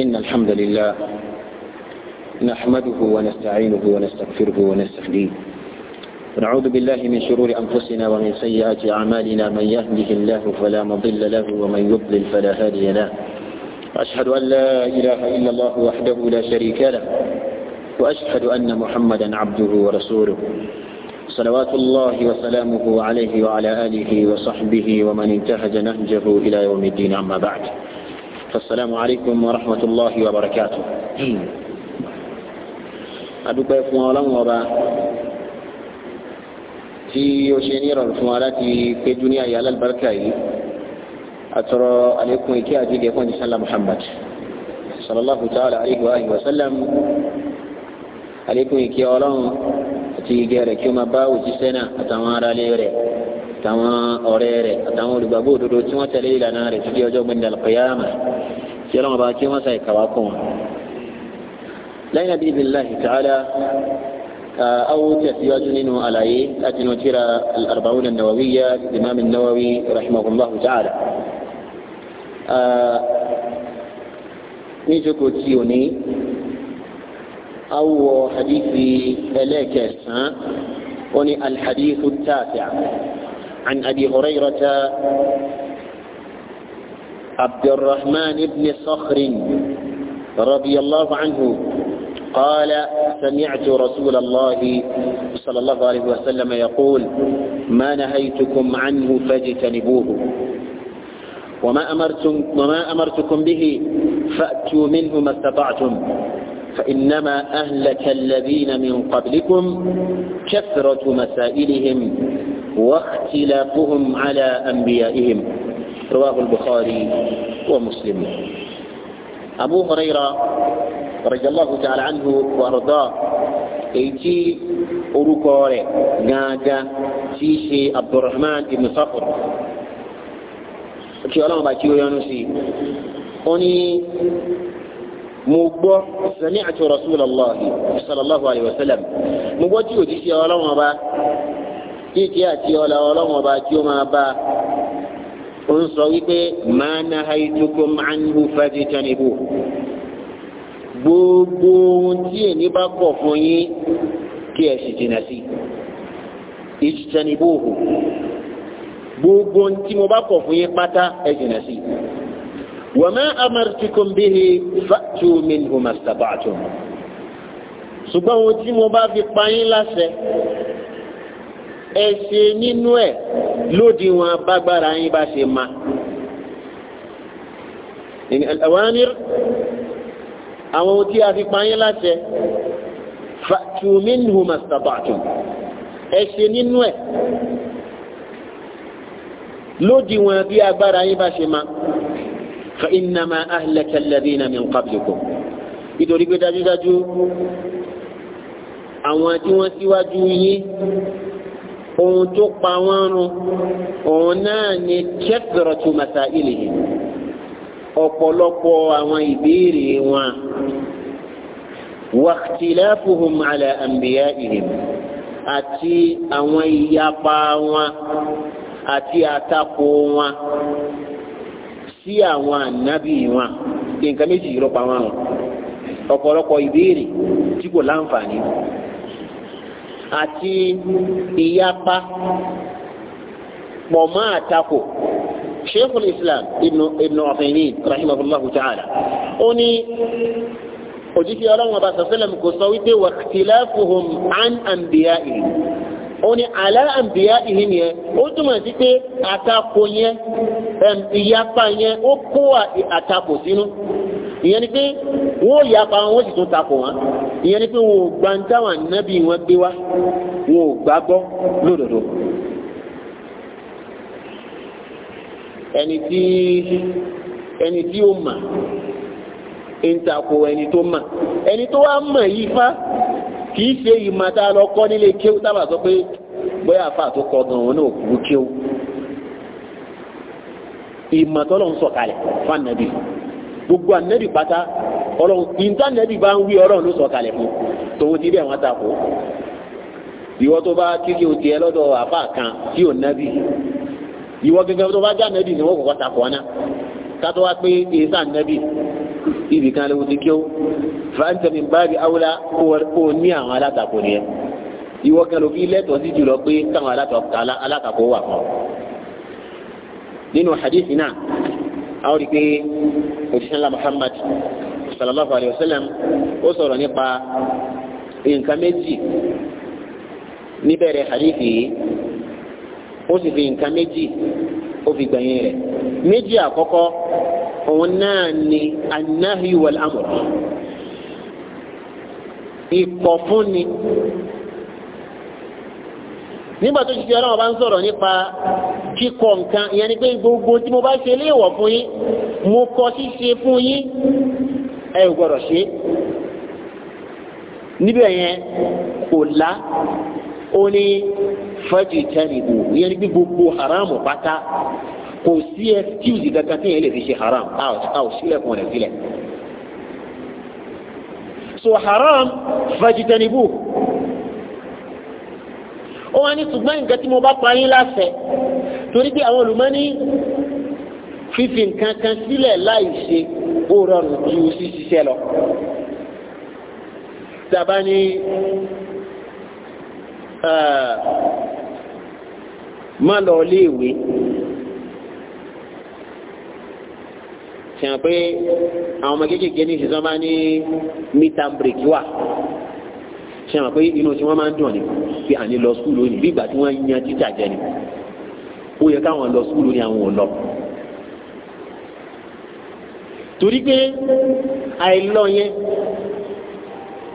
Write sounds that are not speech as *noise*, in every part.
إن الحمد لله نحمده ونستعينه ونستغفره ونستهديه ونعوذ بالله من شرور أنفسنا ومن سيئات أعمالنا من يهده الله فلا مضل له ومن يضلل فلا هادي له أشهد أن لا إله إلا الله وحده لا شريك له وأشهد أن محمدا عبده ورسوله صلوات الله وسلامه عليه وعلى آله وصحبه ومن انتهج نهجه إلى يوم الدين أما بعد Assalamu alaikum wa rahmatullahi wa barakatuh. Hmm. adúpẹ́ fún ọlọ́run ọba tí ó ṣe ní ìrọ̀rùn fún wa láti péjú ní àyà alábàárkà yìí àtọ̀rọ̀ àlékún ìkẹ́ àdídẹ́ fún ìṣàlá Muhammad sallallahu ta'ala alaihi wa sallam àlékún ìkẹ́ ọlọ́run àti ìgẹ́ rẹ̀ kí ó máa bá òjíṣẹ́ náà àtàwọn aráalé rẹ̀. àtàwọn ọ̀rẹ́ rẹ̀ àtàwọn olùgbàgbọ́ òdodo tí wọ́n tẹ̀lé ìlànà rẹ̀ títí ọjọ́ gbẹ̀ndẹ̀ àlùkìyámà tí ọlọ́run bá kí wọ́n sàì kàwá kún wọn. lẹ́yìn náà bíbí láhi ta'ala awo tẹ̀síwájú nínú àlàyé láti inú tírà nàwàwí yá imam nawawi rahimahullahu ta'ala. ní ìjókòó tí ò ní awo hadithi ẹlẹ́kẹ̀sán ó ní alhadithu tààtà. عن أبي هريرة عبد الرحمن بن صخر رضي الله عنه قال سمعت رسول الله صلى الله عليه وسلم يقول ما نهيتكم عنه فاجتنبوه وما أمرتم, وما أمرتكم به فأتوا منه ما استطعتم فإنما أهلك الذين من قبلكم كثرة مسائلهم واختلافهم على أنبيائهم رواه البخاري ومسلم أبو هريرة رضي الله تعالى عنه وأرضاه إيتي أوروكوري نادى تيشي عبد الرحمن بن صخر كي الله باكي ويانوسي أني مبو سمعت رسول الله صلى الله عليه وسلم مبو تيو تيشي الله kíkí àti ọlà ọlọ́wọ́n ọba tí ó máa bá ó ń sọ wípé máa ná haitukum anhu fajitanibu gbogbo ohun tí èmi bá kọ̀ fún yín kí ẹ sì jìnnà sí ìjìtanibu òhù gbogbo ohun tí mo bá kọ̀ fún yín pátá ẹ jìnnà sí wa ma amartukum bihi fa'tu minhu mastata'tum ṣùgbọ́n ohun tí mo bá fi pa yín láṣẹ ẹ ṣe nínú ẹ̀ lódiwọ̀n bágbára yín bá ṣe ma ìní al-awanir àwọn ohun tí a fi pa yín láṣẹ fa'tu minhu mastata'tum ẹ ṣe nínú ẹ̀ bí agbára yín bá ṣe ma fa innama ahlaka alladhina min qablikum pé dájúdájú àwọn tí wọ́n síwájú yín ohun tó pa wọ́n run òun náà ni kẹ́tọ̀rọ̀tù masailihi ọ̀pọ̀lọpọ̀ àwọn ìbéèrè wọn wàhtiláfuhum ala anbiyaihim àti àwọn ìyapa wọn àti àtakò wọn sí àwọn ànábì wọn nǹkan méjì ló pa wọ́n ìbéèrè tí kò láǹfààní. àti ìyapa pọ̀ mọ́ àtakò sheikhul islam ibn ọ̀fẹ̀yìn rahimahullahu ta'ala ó ní òjíṣẹ́ ọlọ́run ọba sọ̀sẹ́lẹ̀m kò sọ wípé wàhtilafuhum an anbiya'ihim òun ni aláàbíyá ìhìn yẹn ó túmọ̀ sí pé àtakò yẹn ìyapa yẹn ó kó àtakò sínú ìyẹn ni pé wọ́n yapa wọn sì tún takò wọn ìyẹn ni pé wọn ò gba táwọn ànábì wọn gbé wá wọn ò gbàgbọ́ lódodo. ẹni tí ẹni tí ó mà ń takò ẹni tó mà ẹni tó wá mà yí fá kìí ṣe ìmọ̀ tá a lọ kọ́ nílé kéwú tábà sọ pé bóyá àfa tó kọ gan òun náà kú kéwú ìmọ̀ tọ́lọ̀ ń sọ̀kalẹ̀ fún ànábì gbogbo ànábì pátá ọlọ́run ìta ànábì bá ń wí ọlọ́run ló sọ̀kalẹ̀ fún tòun ti bẹ́ẹ̀ wọ́n ta ìwọ tó bá kíkẹ́ òtí ẹ lọ́dọ̀ àfa kan tí ò nábì ìwọ gẹ́gẹ́ tó bá já ànábì ni wọ́n kọ́kọ́ ta kọ́ ná kátó wá pé èyí sá ànábì ibì kan ló ti kéwò fàǹtẹ̀ mi bá bi awúlá kó o ní àwọn alátakò nìyẹn ìwọ kan ló fi lẹ́tọ̀ọ́ sí jùlọ pé káwọn alátakò wà kàn nínú hadithi náà àwọn rí i pé òṣìṣẹ́ ńlá Muhammad sallallahu alayhi wa sallam ó sọ̀rọ̀ nípa nǹkan méjì níbẹ̀rẹ̀ hadithi yìí ó sì fi nǹkan méjì ó fi gbẹ̀yìn rẹ̀ méjì àkọ́kọ́ òun náà ni anahi wal amr ìkọ̀fúnni nígbà tó ṣiṣẹ́ ọlọ́run bá ń sọ̀rọ̀ nípa kíkọ nǹkan ìyẹn ni pé gbogbo tí mo bá ṣe léèwọ̀ fún yín mo kọ ṣíṣe fún yín ẹ gbọ́dọ̀ ṣe níbẹ̀ yẹn kò lá ó ní fẹ́jì tẹ́lẹ̀ bò ìyẹn ni gbogbo haramu pátá kò sí ẹ tíwìsì kankan tí yẹn lè fi ṣe haram a ò sílẹ̀kùn rẹ̀ sílẹ̀ so haram fajitanibu ó wá ní ṣùgbọ́n nǹkan tí mo bá pa yín láṣẹ torí pé àwọn olùmọ́ni fífi nǹkan kan sílẹ̀ láì ṣe ó rọrùn ju ṣíṣiṣẹ́ lọ tàbá ní má lọ ilé ìwé sèwọn pé àwọn ọmọ kéékèèké ní ìṣẹ̀sán máa ní mítà bírèkì wà sèwọn pé inú tí wọ́n máa ń dùn ni pé àní lọ skul lónìí bí ìgbà tí wọ́n yan títà jẹ ni ó yẹ káwọn lọ skul lónìí àwọn ò lọ. torí pé àìlọ yẹn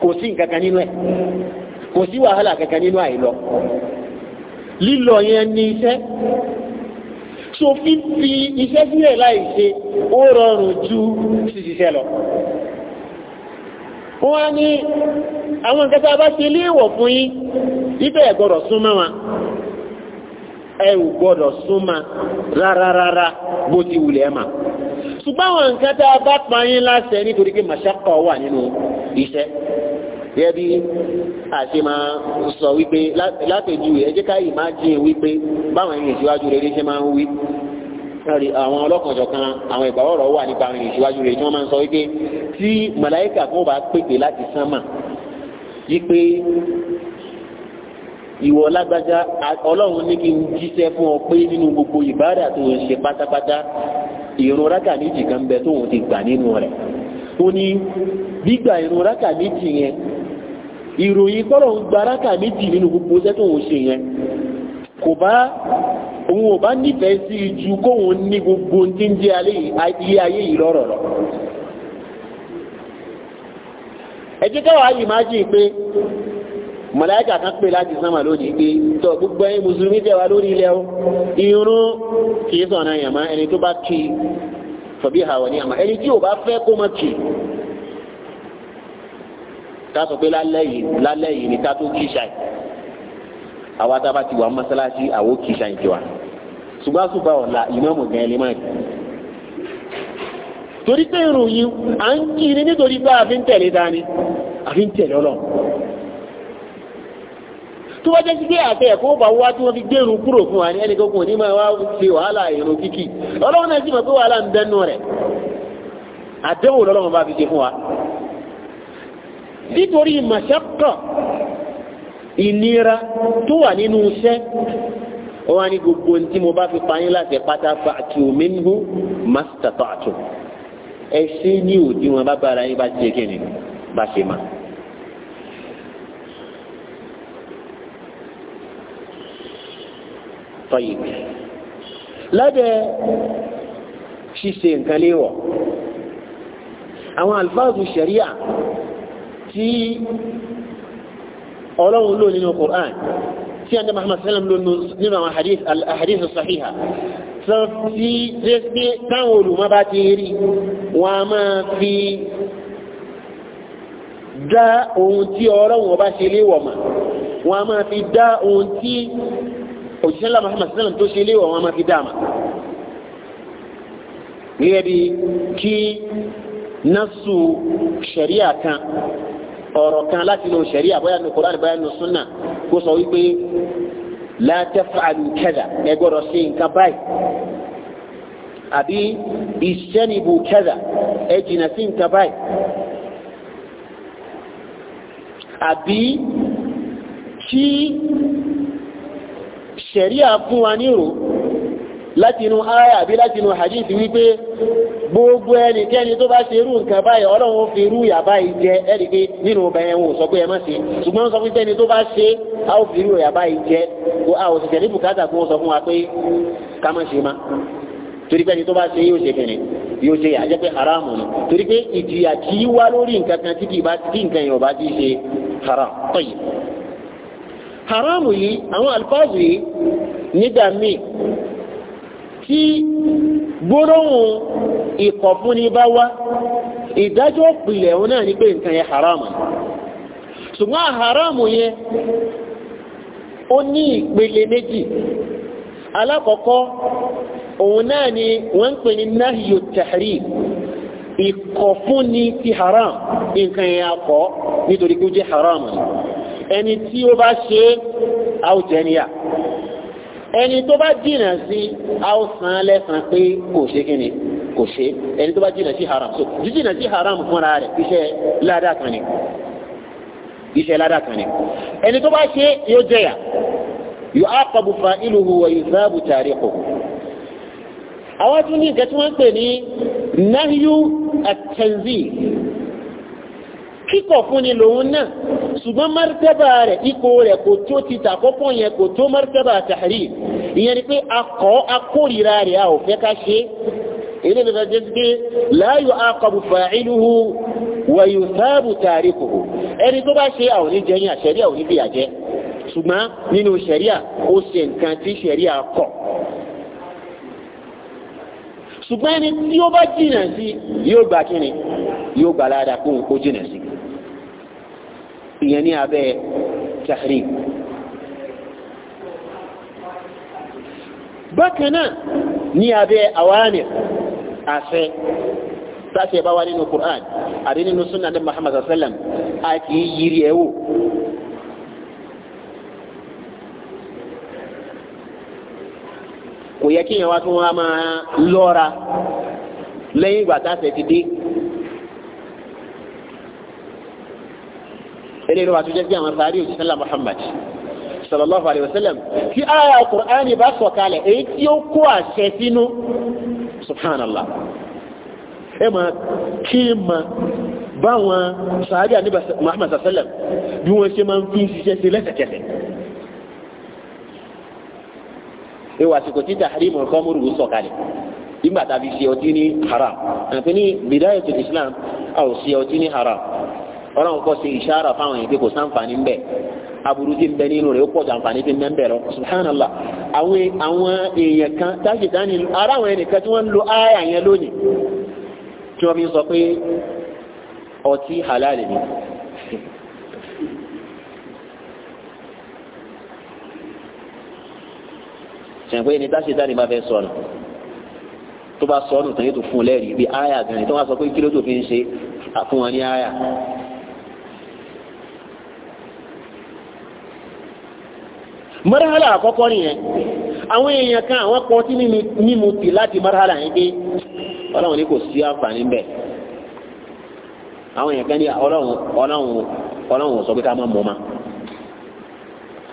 kò sí nǹkan kan nínú ẹ̀ kò sí wàhálà kankan nínú àìlọ lílọ yẹn ní iṣẹ́ so fífi iṣẹ́ sílẹ̀ láì ṣe ó rọrùn ju ṣiṣiṣẹ́ lọ wọ́n ní àwọn nǹkan tá bá ṣe léèwọ̀ fún yín ibẹ̀ ẹ gbọ́dọ̀ súnmọ́ wọn ẹ ò gbọ́dọ̀ súnmọ́ rárárárá bó ti wulẹ̀ mà ṣùgbọ́n àwọn nǹkan tá bá pa yín láṣẹ nítorí pé màṣákọ̀ wà nínú iṣẹ́ yẹ bí àṣe máa sọ wípé látẹ̀jú ẹ jẹ́ ká imagine wípé báwọn ẹni ìṣíwájú rere ṣe máa ń wí àwọn ọlọ́kanjọ̀kan àwọn ìgbàwọ̀rọ̀ wà nípa àwọn ìṣíwájú rere tí wọ́n máa ń sọ wípé tí màláíkà kan bá pèpè láti sánmà wípé ìwọ lágbájá ọlọ́run ní kí n jíṣẹ́ fún ọ pé nínú gbogbo ìbáàdà tó ń ṣe pátápátá ìrun rákà méjì kan bẹ tóun ti gbà nínú rẹ̀ ó ní gbígbà ìrun rákà méjì yẹn ìròyìn tọ́rọ̀ ń gba rákà méjì nínú gbogbo sẹ́tọ̀ òun ṣe yẹn kò bá òun ò bá nífẹ̀ẹ́ sí ju kóun ní gbogbo tí ń jẹ́ ilé ayé yìí lọ́rọ̀ lọ. ẹ jẹ́ káwọn ayé máa jìn pé mọ̀láyíkà kan pè láti sánmà lónìí pé tọ́ gbogbo ẹ̀yin mùsùlùmí tẹ̀wá lórí ilẹ̀ o irun kì sọ̀nà yàmá ẹni tó bá kì í àwọn ní àmà ẹni tí ò bá fẹ́ kó má kì ká sọ pé lálẹ́ yìí lálẹ́ ni kato tó kí ṣáì àwa tá a bá ti wà mọ́sálásí àwọn kì í ṣáì jọ wa ṣùgbọ́n àṣùbà ọ̀la ìmáàmù gan ẹlẹ́mọ̀ ẹ̀ torí pé ìròyìn à ń kiri nítorí pé àfi ń tẹ̀lé dání àfi ń tẹ̀lé ọlọ́ tó wá jẹ́ sí pé àtẹ ẹ̀kọ́ bá wá tí wọ́n fi gbẹ̀rù kúrò fún wa ní ẹnì kankan ní máa wá ṣe wàhálà ìrun kíkì ọlọ́run náà sì mọ̀ pé wàhálà ń bẹ́nu rẹ̀ àdéhùn lọ́lọ́run bá fi ṣe fún wa nítorí màṣẹ́kọ̀ ìnira tó wà nínú iṣẹ́ wọ́n ní gbogbo tí mo bá fi payín láti pátá fa àti òmìnirú màsítàtọ̀ àtò ẹ ṣe ní òdi wọn bá bára yín bá ṣe kíni bá ṣe máa. tọ́yì lábẹ́ ṣíṣe nǹkan léwọ̀ àwọn alfáàzù ṣẹ̀ríà tí ọlọ́run lò nínú Qur'an tí a ń dá Muhammad sallam lò nínú àwọn àhàdíṣù sàhíhà tí tí táwọn olùmọ́ bá ti rí wọn a máa fi dá ohun tí ọlọ́run ọba ṣe léwọ̀ mà wọn a máa fi dá ohun tí òṣìṣẹ́lá Muhammad sallam tó ṣe léwọ̀ wọn a máa fi dá mà gẹ́gẹ́ bí kí násù ṣẹ̀ríà kan ọ̀rọ̀ kan láti lo sẹ̀ríà bóyá nu Kùránì bóyá nu súnà kó sọ wípé la taf'alu kẹ́dà ẹ gbọ́dọ̀ ṣe nǹkan báyìí àbí ìṣẹ́nibù kẹ́dà ẹ jìnà sí nǹkan báyìí àbí tí sẹ̀ríà fún wa nírò látinú aya àbí látinú hadith wípé gbogbo ẹnikẹ́ni tó bá ṣe irú nǹkan báyìí ọlọ́run fi irú ìyà báyìí jẹ ẹ̀rí pé nínú ọba yẹn wò sọ pé ẹ má ṣe ṣùgbọ́n sọ fún ẹni tó bá ṣe a ó fi irú ìyà báyìí jẹ a ò sì tẹ̀lé bùkátà kó sọ fún wa pé ká má ṣe má torí pé ẹni tó bá ṣe yóò ṣe kìnnì yóò ṣe yà jẹ́ pé haramu ni torí pé ìjìyà kì í wá lórí nǹkan kan tí kì nǹkan yẹn ò bá ti ṣe haram tọ́yì haramu yìí àwọn alifáàzù yìí nígbà míì tí gbólóhùn ìkọ̀fúnni bá wá ìdájọ́ òun náà ní pé nǹkan haram ṣùgbọ́n ó ní ìpele méjì alákọ̀ọ́kọ́ òun náà ni wọ́n ń pè ní nahyu tahrim ìkọ̀fúnni ti haram nǹkan yẹn nítorí haram ẹni tí ó bá ṣe àwùjẹniyà ẹni tó bá jìnà sí àwòsàn lẹ́sàn pé kò ṣe kí ni kò ṣe ẹni tó bá jìnà sí haram so jíjìnà sí haram fúnra rẹ̀ iṣẹ́ ládàá kan ni iṣẹ́ ládàá kan ni ẹni tó bá ṣe yóò jẹyà yu'aqabu fa'iluhu wa yuzabu tariquhu àwọn tún ní nǹkan wọ́n ń pè ní nahyu at kíkọ̀ fún ni lòun náà ṣùgbọ́n mọ́rítẹ́bà rẹ̀ ipò rẹ̀ kò tó ti tàkọ́kọ́ yẹn kò tó mọ́rítẹ́bà tàrí ìyẹn ni pé akọ́ akórira rẹ̀ a ò fẹ́ ká ṣe ilé lọ́dọ̀ jẹ́ pé láàyò akọ̀bù fa'iluhu wa yusabu tarikuhu ẹni tó bá ṣe àwọn oníjẹyìn àṣẹríà oníbìyàjẹ́ ṣùgbọ́n nínú ṣẹ̀ríà ó ṣe nǹkan tí ṣẹ̀ríà kọ̀ ṣùgbọ́n ẹni tí ó bá jìnà sí yóò gbà kíni yóò gbà ládàá kó jìnà sí ìyẹn ní abẹ́ tahrim. bákan náà ní abẹ́ awamir àṣẹ láti ẹ̀bá wá nínú Qur'an àbí nínú súnà ní Muhammad sallam a kì í yiri ẹ̀wò kò yẹ kí yẹn wá tún wá máa lọ́ra lẹ́yìn ìgbà tá ti dé eléyìí ló bá tó jẹ́ pé àwọn sáré òjì sẹ́lá Muhammad sallallahu alayhi wa sallam tí aya Qur'ani bá sọ̀ kalẹ̀ èyí tí ó kó àṣẹ sínú subhanallah ẹ ma kí ma báwọn sáré àníbà Muhammad sallam bí wọ́n ṣe máa ń fi ṣiṣẹ́ sí lẹ́sẹ̀kẹsẹ̀ ewu àsìkò tí tahrim al-khamr sọ̀kalẹ̀ nígbà tá ṣe ọtí ní haram àti ní bidayat islam a ṣe ọtí ní haram ọlọ́run kọ́ sí ìṣára fáwọn èèyàn pé kò sáǹfààní ń bẹ̀ aburú tí ń bẹ nínú rẹ̀ ó pọ̀ jàǹfààní tí ń bẹ ń bẹ̀ lọ subhanallah àwọn èèyàn kan táṣì dání ara àwọn ẹnìkan tí wọ́n ń lo ááyà yẹn lónìí tí wọ́n fi sọ pé ọtí halal ni sẹ̀ǹpé ni táṣì dání bá fẹ́ sọnù tó bá sọnù tán yóò tún fún un lẹ́rìí bí ááyà gan-an tó wá sọ pé kí ló tó fi ń ṣe àfún wọn ní ááyà mọ́ràhálà àkọ́kọ́ nìyẹn àwọn èèyàn kan àwọn kan tí mímu lati láti mọ́ràhálà yẹn dé ọlọ́run ní kò sí àǹfààní bẹ́ẹ̀ àwọn èèyàn kan ní ọlọ́run sọ pé ma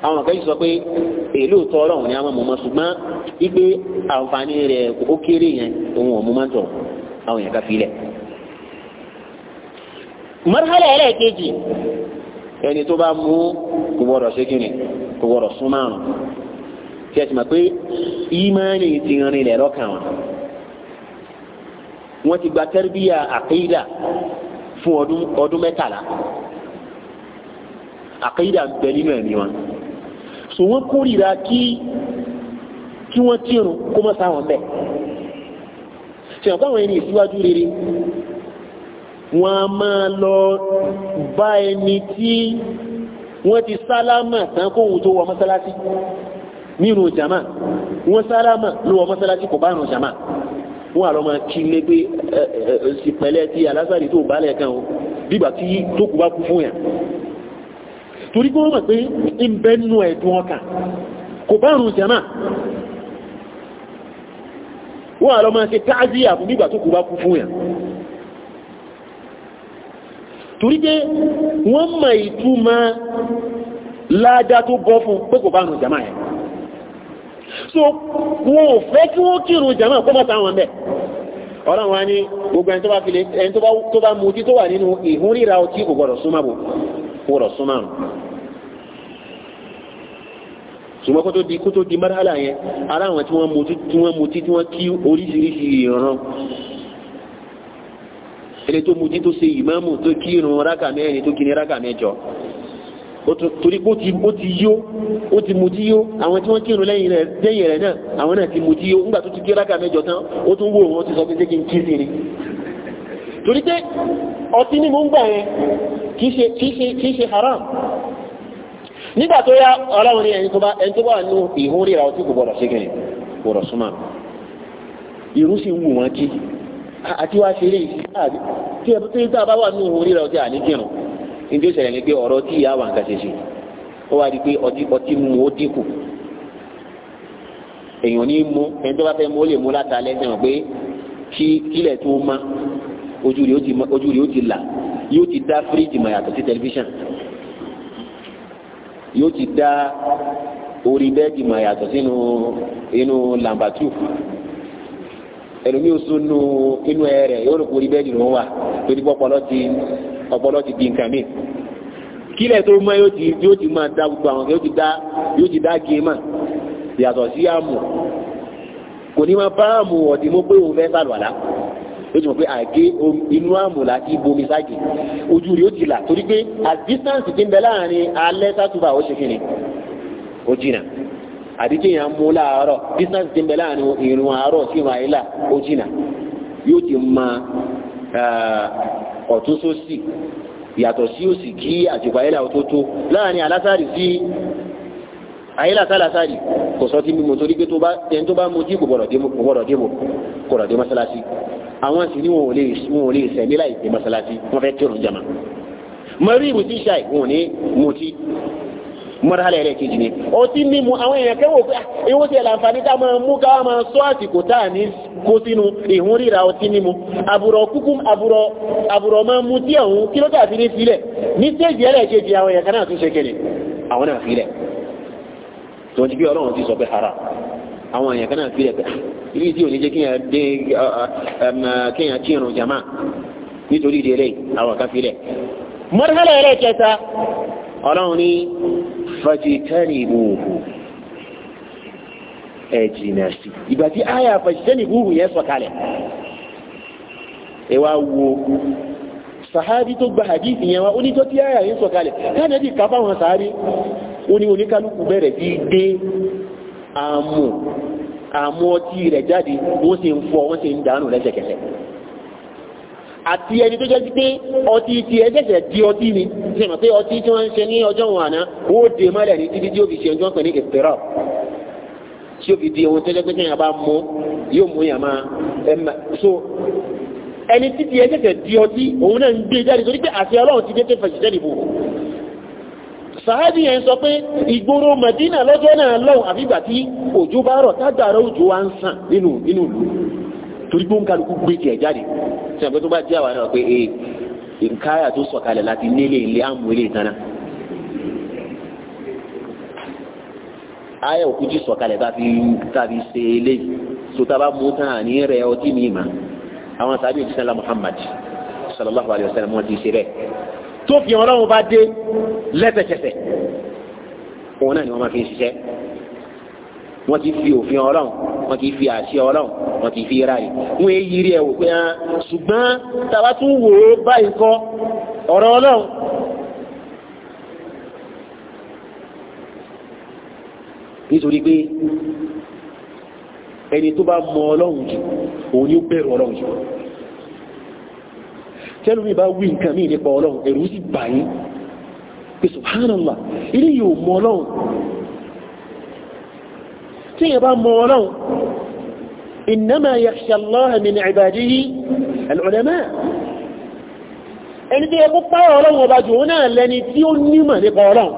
àwọn kan sọ pé èlò tọ́ ọlọ́run ní a mọ́ ma ṣùgbọ́n igbe àǹfààní rẹ̀ ó kéré yẹn òun ò mú má tọ̀ àwọn èèyàn kan filẹ̀ ẹlẹ́ẹ̀kejì ẹni tó bá mú kò gbọdọ̀ sún márùn tí a ti mọ̀ pé ìmánì ti rin ilẹ̀ lọ́kàn wọn wọ́n ti gba tẹ́rbíyà àkéyídà fún ọdún ọdún mẹ́tàlá àkéyídà ń bẹ nínú ẹ̀mí so wọ́n kórìíra kí kí wọ́n tírun kó mọ́ sáwọn bẹ́ẹ̀ tí wọ́n káwọn ẹni ìsíwájú rere wọ́n a máa lọ bá ẹni tí wọ́n ti sálámà tán kóhun tó wọ mọ́sálásí nínú jàmá wọ́n sálámà ló wọ mọ́sálásí kò bá rùn jàmá wọ́n àlọ́ máa kí lé pé sì pẹ̀lẹ́ tí alásàrí tó bálẹ̀ kan o bígbà tí tó kù bá kú fún yà torí pé wọ́n mọ̀ pé ń bẹ́ nù ẹ̀dùn ọkàn kò bá rùn jàmá wọ́n àlọ́ máa ṣe táàzíyà fún tó kù bá kú fún yà torí pé wọ́n mọ̀ ìtumọ̀ ládá tó bọ́ fún pé kò bá nù jama ẹ̀ so wọn ò fẹ́ kí wọ́n kírun jama kọ́ mọ́ta wọn bẹ̀ ọ̀rọ̀ wọn ni gbogbo ẹni tó bá file ẹni tó bá mutí tó wà nínú ìhun ríra ọtí kò gbọdọ̀ súnmọ́ bò kò gbọdọ̀ súnmọ́ ṣùgbọ́n kó tó di kó tó di mọ́tàlá yẹn ara àwọn tí wọ́n mutí tí wọ́n kí oríṣiríṣi ìran ẹni tó mutí tó ṣe ìmáàmù tó kírun rákà mẹ́rin tó kiri rákà mẹ́jọ torí pé ó ti yó ó ti mutí yó àwọn tí wọ́n kírun lẹ́yìn rẹ̀ lẹ́yìn rẹ̀ náà àwọn náà ti mutí yó nígbà tó ti kí rákà mẹ́jọ tán ó tún wò wọ́n ti sọ pé ṣé ni torí pé ọtí ni haram nígbà tó yá ọlọ́run ní ẹni tó bá ẹni tó bá nú ìhún ríra ọtí kò gbọdọ̀ ṣe kìnnì kò rọ̀ kí àti wá ṣeré àbí tí ẹ tí tá a bá wà ní òun ríra ọtí àníkírun ní tí ó pé ọ̀rọ̀ tí ìyá wà nǹkan ṣe ṣe ó wá di pé ọtí ọtí mu ó dínkù èèyàn ní mú ẹni tó bá fẹ́ mú ó lè mú látàlẹ́ sẹ́wọ̀n pé kí kílẹ̀ tó má ojú rẹ̀ ó ti ojú là yóò ti dá fíríjì mọ̀ yàtọ̀ sí tẹlifíṣàn yóò ti dá orí bẹ́ẹ̀dì mọ̀ yàtọ̀ sínú inú ẹlòmíì ó sún nù inú ẹ rẹ̀ yóò rò pé orí bẹ́ẹ̀dì lòún wà torí pé ọpọlọ ti ọpọlọ ti di nǹkan mi kílẹ̀ tó mọ́ yóò ti yóò ti máa da gbogbo àwọn yóò ti da yóò ti da géèmà yàtọ̀ sí àmù kò ní máa bá àmù ọ̀dì mọ́ pé òun fẹ́ sàlùwàlá ó ti mọ̀ pé àgé inú àmù láti bomi ságì ojú rí ó ti là torí pé at distance ti ń bẹ láàrin alẹ́ sátúbà ó ṣe kí ni ó jìnà àdíjẹ́ yẹn mú láàárọ̀ distance ti ń bẹ láàrin ìrìn àárọ̀ sí ìrìn àyílà ó jìnà yóò ti mọ eh, ọ̀tún sósì yàtọ̀ sí òsì kí àtìkọ àyílà ó tó tó láàrin alásàrì sí àyílà sálásàrì kò sọ ti mímu torí pé ẹni tó bá mu tí kò gbọdọ̀ dé mu kò rọ̀ dé mọ́sálásí àwọn sì ní wọn ò lè sẹ̀mí láì dé mọ́sálásí wọ́n fẹ́ kírun jama mọ̀rí ìbùsí ṣáì wọn ò ní mutí mọ́rálẹ̀ rẹ̀ kejì ni ó ti mímu àwọn èèyàn kẹ́wò pé ìwó ah, ti ẹ̀lànfàní ká máa mú ká ko sọ àsìkò táà ní kó sínú ìhun ríra ọtí mímu aburo ma àbùrọ̀ àbùrọ̀ máa mú tí àwọn kí ló tàbí ní sílẹ̀ ní stéèjì ẹ̀rẹ̀ kejì àwọn èèyàn kanáà tún ṣe ti ti haram àwọn èèyàn kírun ọlọ́run ní fajitanibuhu ẹ jìnnà sí ìgbà tí àyà fajitanibuhu yẹn sọ̀kalẹ̀ ẹ wá wo sahabi tó gba hadith yẹn wa onítọ́ tí àyà yẹn sọ̀kalẹ̀ kánẹ́dì kábà wọn sahabi oní oníkálukú bẹ̀rẹ̀ sí dé àmú àmú ọtí rẹ̀ jáde wọ́n sì ń fọ́ wọ́n sì ń dànù lẹ́sẹ̀kẹsẹ̀ àti ẹni tó jẹ́ ti pé ọtí ti ẹ̀jẹ̀sẹ̀ di ọtí ni ṣe mọ̀ pé ọtí tí wọ́n ń ṣe ní ọjọ́ wọn àná ó dè mọ́lẹ̀ ní títí tí ó fi ṣe ọjọ́ pẹ̀lú ìpẹ̀rọ̀ tí ó fi di ohun tó jẹ́ pé kí mú yóò mú èèyàn máa ẹ̀mà so ẹni ti ẹ̀jẹ̀sẹ̀ di ọtí òun náà ń gbé jáde torí pé àṣẹ ọlọ́run ti dé tẹ́ fẹ̀sì jáde bò sàhábì yẹn sọ pé ìgboro Mẹdínà lọ́jọ́ náà lọ́hùn tí òjò bá rọ̀ òjò wa ń sàn nínú torí pé ó ń kálukú gbé tiẹ̀ jáde sẹ́yìn tó bá jẹ́ àwa náà pé ee eh, nkáyà tó sọ̀kalẹ̀ láti nílé ilé àmú ilé ìtànà ayé òkú jí sọ̀kalẹ̀ tàbí tàbí ṣe ilé tó tábà mú tán àní rẹ̀ ọtí mi mà àwọn sábẹ́ òjì sẹ́la Muhammad sallallahu alayhi wa sallam wọn ti ṣe bẹ́ẹ̀ tó fi ọlọ́run bá dé lẹ́sẹ̀kẹsẹ̀ òun náà ni wọ́n máa fi ń ṣiṣẹ́ wọ́n ti fi òfin ọlọ́run wọ́n ti fi àṣẹ ọlọ́run wọ́n ti fi ra rẹ̀ wọ́n èyí rí ẹ̀wò pé hàn ah, ṣùgbọ́n tàbá tún wò ó báyìí kọ́ ọ̀rọ̀ ọlọ́run nítorí pé ẹni tó bá mọ ọlọ́run jù òun ni ó bẹ̀rù ọlọ́run jù tẹ́lùmí bá wí nǹkan mí nípa ọlọ́run ẹ̀rù sì bàyín pé subhanallah ilé yóò mọ ọlọ́run tí yẹn bá mọ ọlọ́run innama yakhsha Allah min ibadihi al-ulama ẹni tí ẹkú páyọ̀ ọlọ́run ọba jù náà lẹni tí ó nímọ̀ nípa ọlọ́run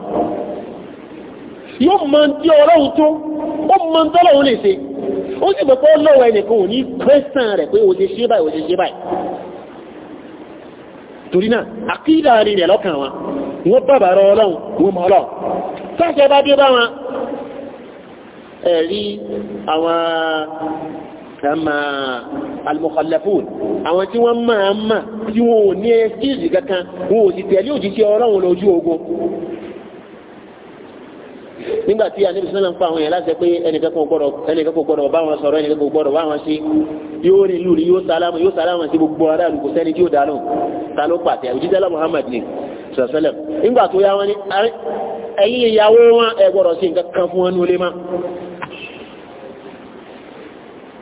yóò mọ tí ọlọ́run tó ó mọ tọ́lọ́run lè ṣe ó sì pẹ̀pẹ́ lọ́wọ́ ẹnìkan ò ní kẹ́sàn rẹ̀ pé ó ẹ̀rí àwọn kama al-mukhallafun àwọn tí wọ́n máa ń mà tí wọ́n ò ní ẹ̀kíìsì kankan wọ́n ò sì tẹ̀lé òjíṣẹ́ ọlọ́run lójú ogun nígbàtí anabi ń pa àwọn yẹn láti pé ẹnìkan gbọ́dọ̀ bá wọn sọ̀rọ̀ ẹnìkan gbọ́dọ̀ bá wọn ṣe yóò ní lùrí yóò sálámù yóò sálámù sí gbogbo ará àlùkò tí ó dáná ta ló pàtẹ Muhammad ni sọ̀sẹ́lẹ̀ nígbà tó yá wọn ní ẹ̀yìn ìyàwó wọn ẹ̀ sí nǹkan kan fún wọn ní olé máa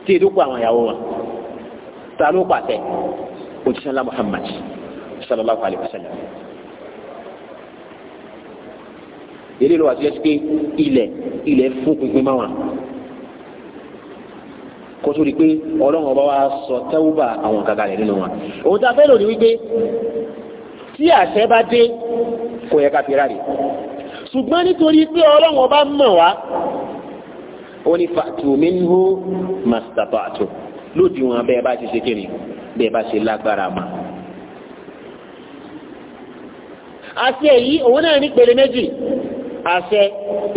tí èdè kó àwọn ìyàwó wọn ta ló pàtẹ òjíṣẹ́ ńlá Muhammad sallallahu alayhi wa sallam èdè ló wà sí ẹsẹ pé ilẹ̀ ilẹ̀ fún pinpin máa wọn kó tó di pé ọlọ́run ọba wa sọ tẹ́wúbà àwọn kàkà rẹ̀ nínú wọn òun ta fẹ́ lò ní wípé tí àṣẹ bá dé kò yẹ ká fi ráre ṣùgbọ́n nítorí pé ọlọ́run ọba mọ̀ wá ó ní fàtú minhu mastata'tu lódì wọn bẹ́ẹ̀ bá ti ṣe kéde bẹ́ẹ̀ bá ṣe lágbára ma. àṣẹ yìí òun náà ní pèlè méjì àṣẹ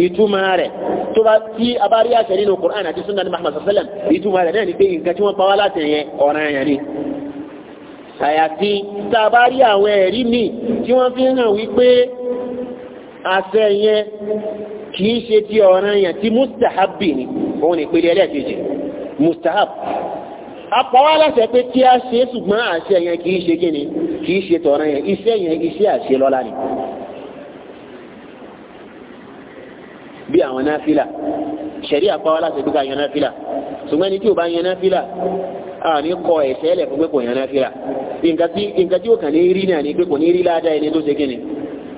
ìtumọ̀ rẹ̀ tó bá tí a bá rí àṣẹ nínú Qur'an àti sunnah ní Muhammad sallam ìtumọ̀ rẹ̀ náà ní pé nǹkan tí wọ́n pa wá láti yẹn ọ̀ràn yẹn ni àyàfi tá a bá rí àwọn ẹ̀rí míì tí wọ́n fi hàn wípé àṣẹ yẹn kì í ṣe ti ọ̀ranyàn tí mustahabi ni òun ní ìpele ẹlẹ́ẹ̀kejì mustahab apọ̀wá láṣẹ pé kí a ṣe ṣùgbọ́n àṣẹ yẹn kì í ṣe kí ni kì í ṣe tọ̀ranyàn iṣẹ́ yẹn iṣẹ́ àṣẹ lọ́la ni bí àwọn náfìlà ṣẹ̀rí apọ̀wá láṣẹ pé ká yan náfìlà ṣùgbọ́n ẹni tí ò bá yan náfìlà àní kọ ẹ̀ṣẹ́ lẹ̀ fún pé kò yan náfìlà nǹkan tí ó kàn ní rí náà ni pé kò ní rí ládàá ẹni tó ṣe kí ni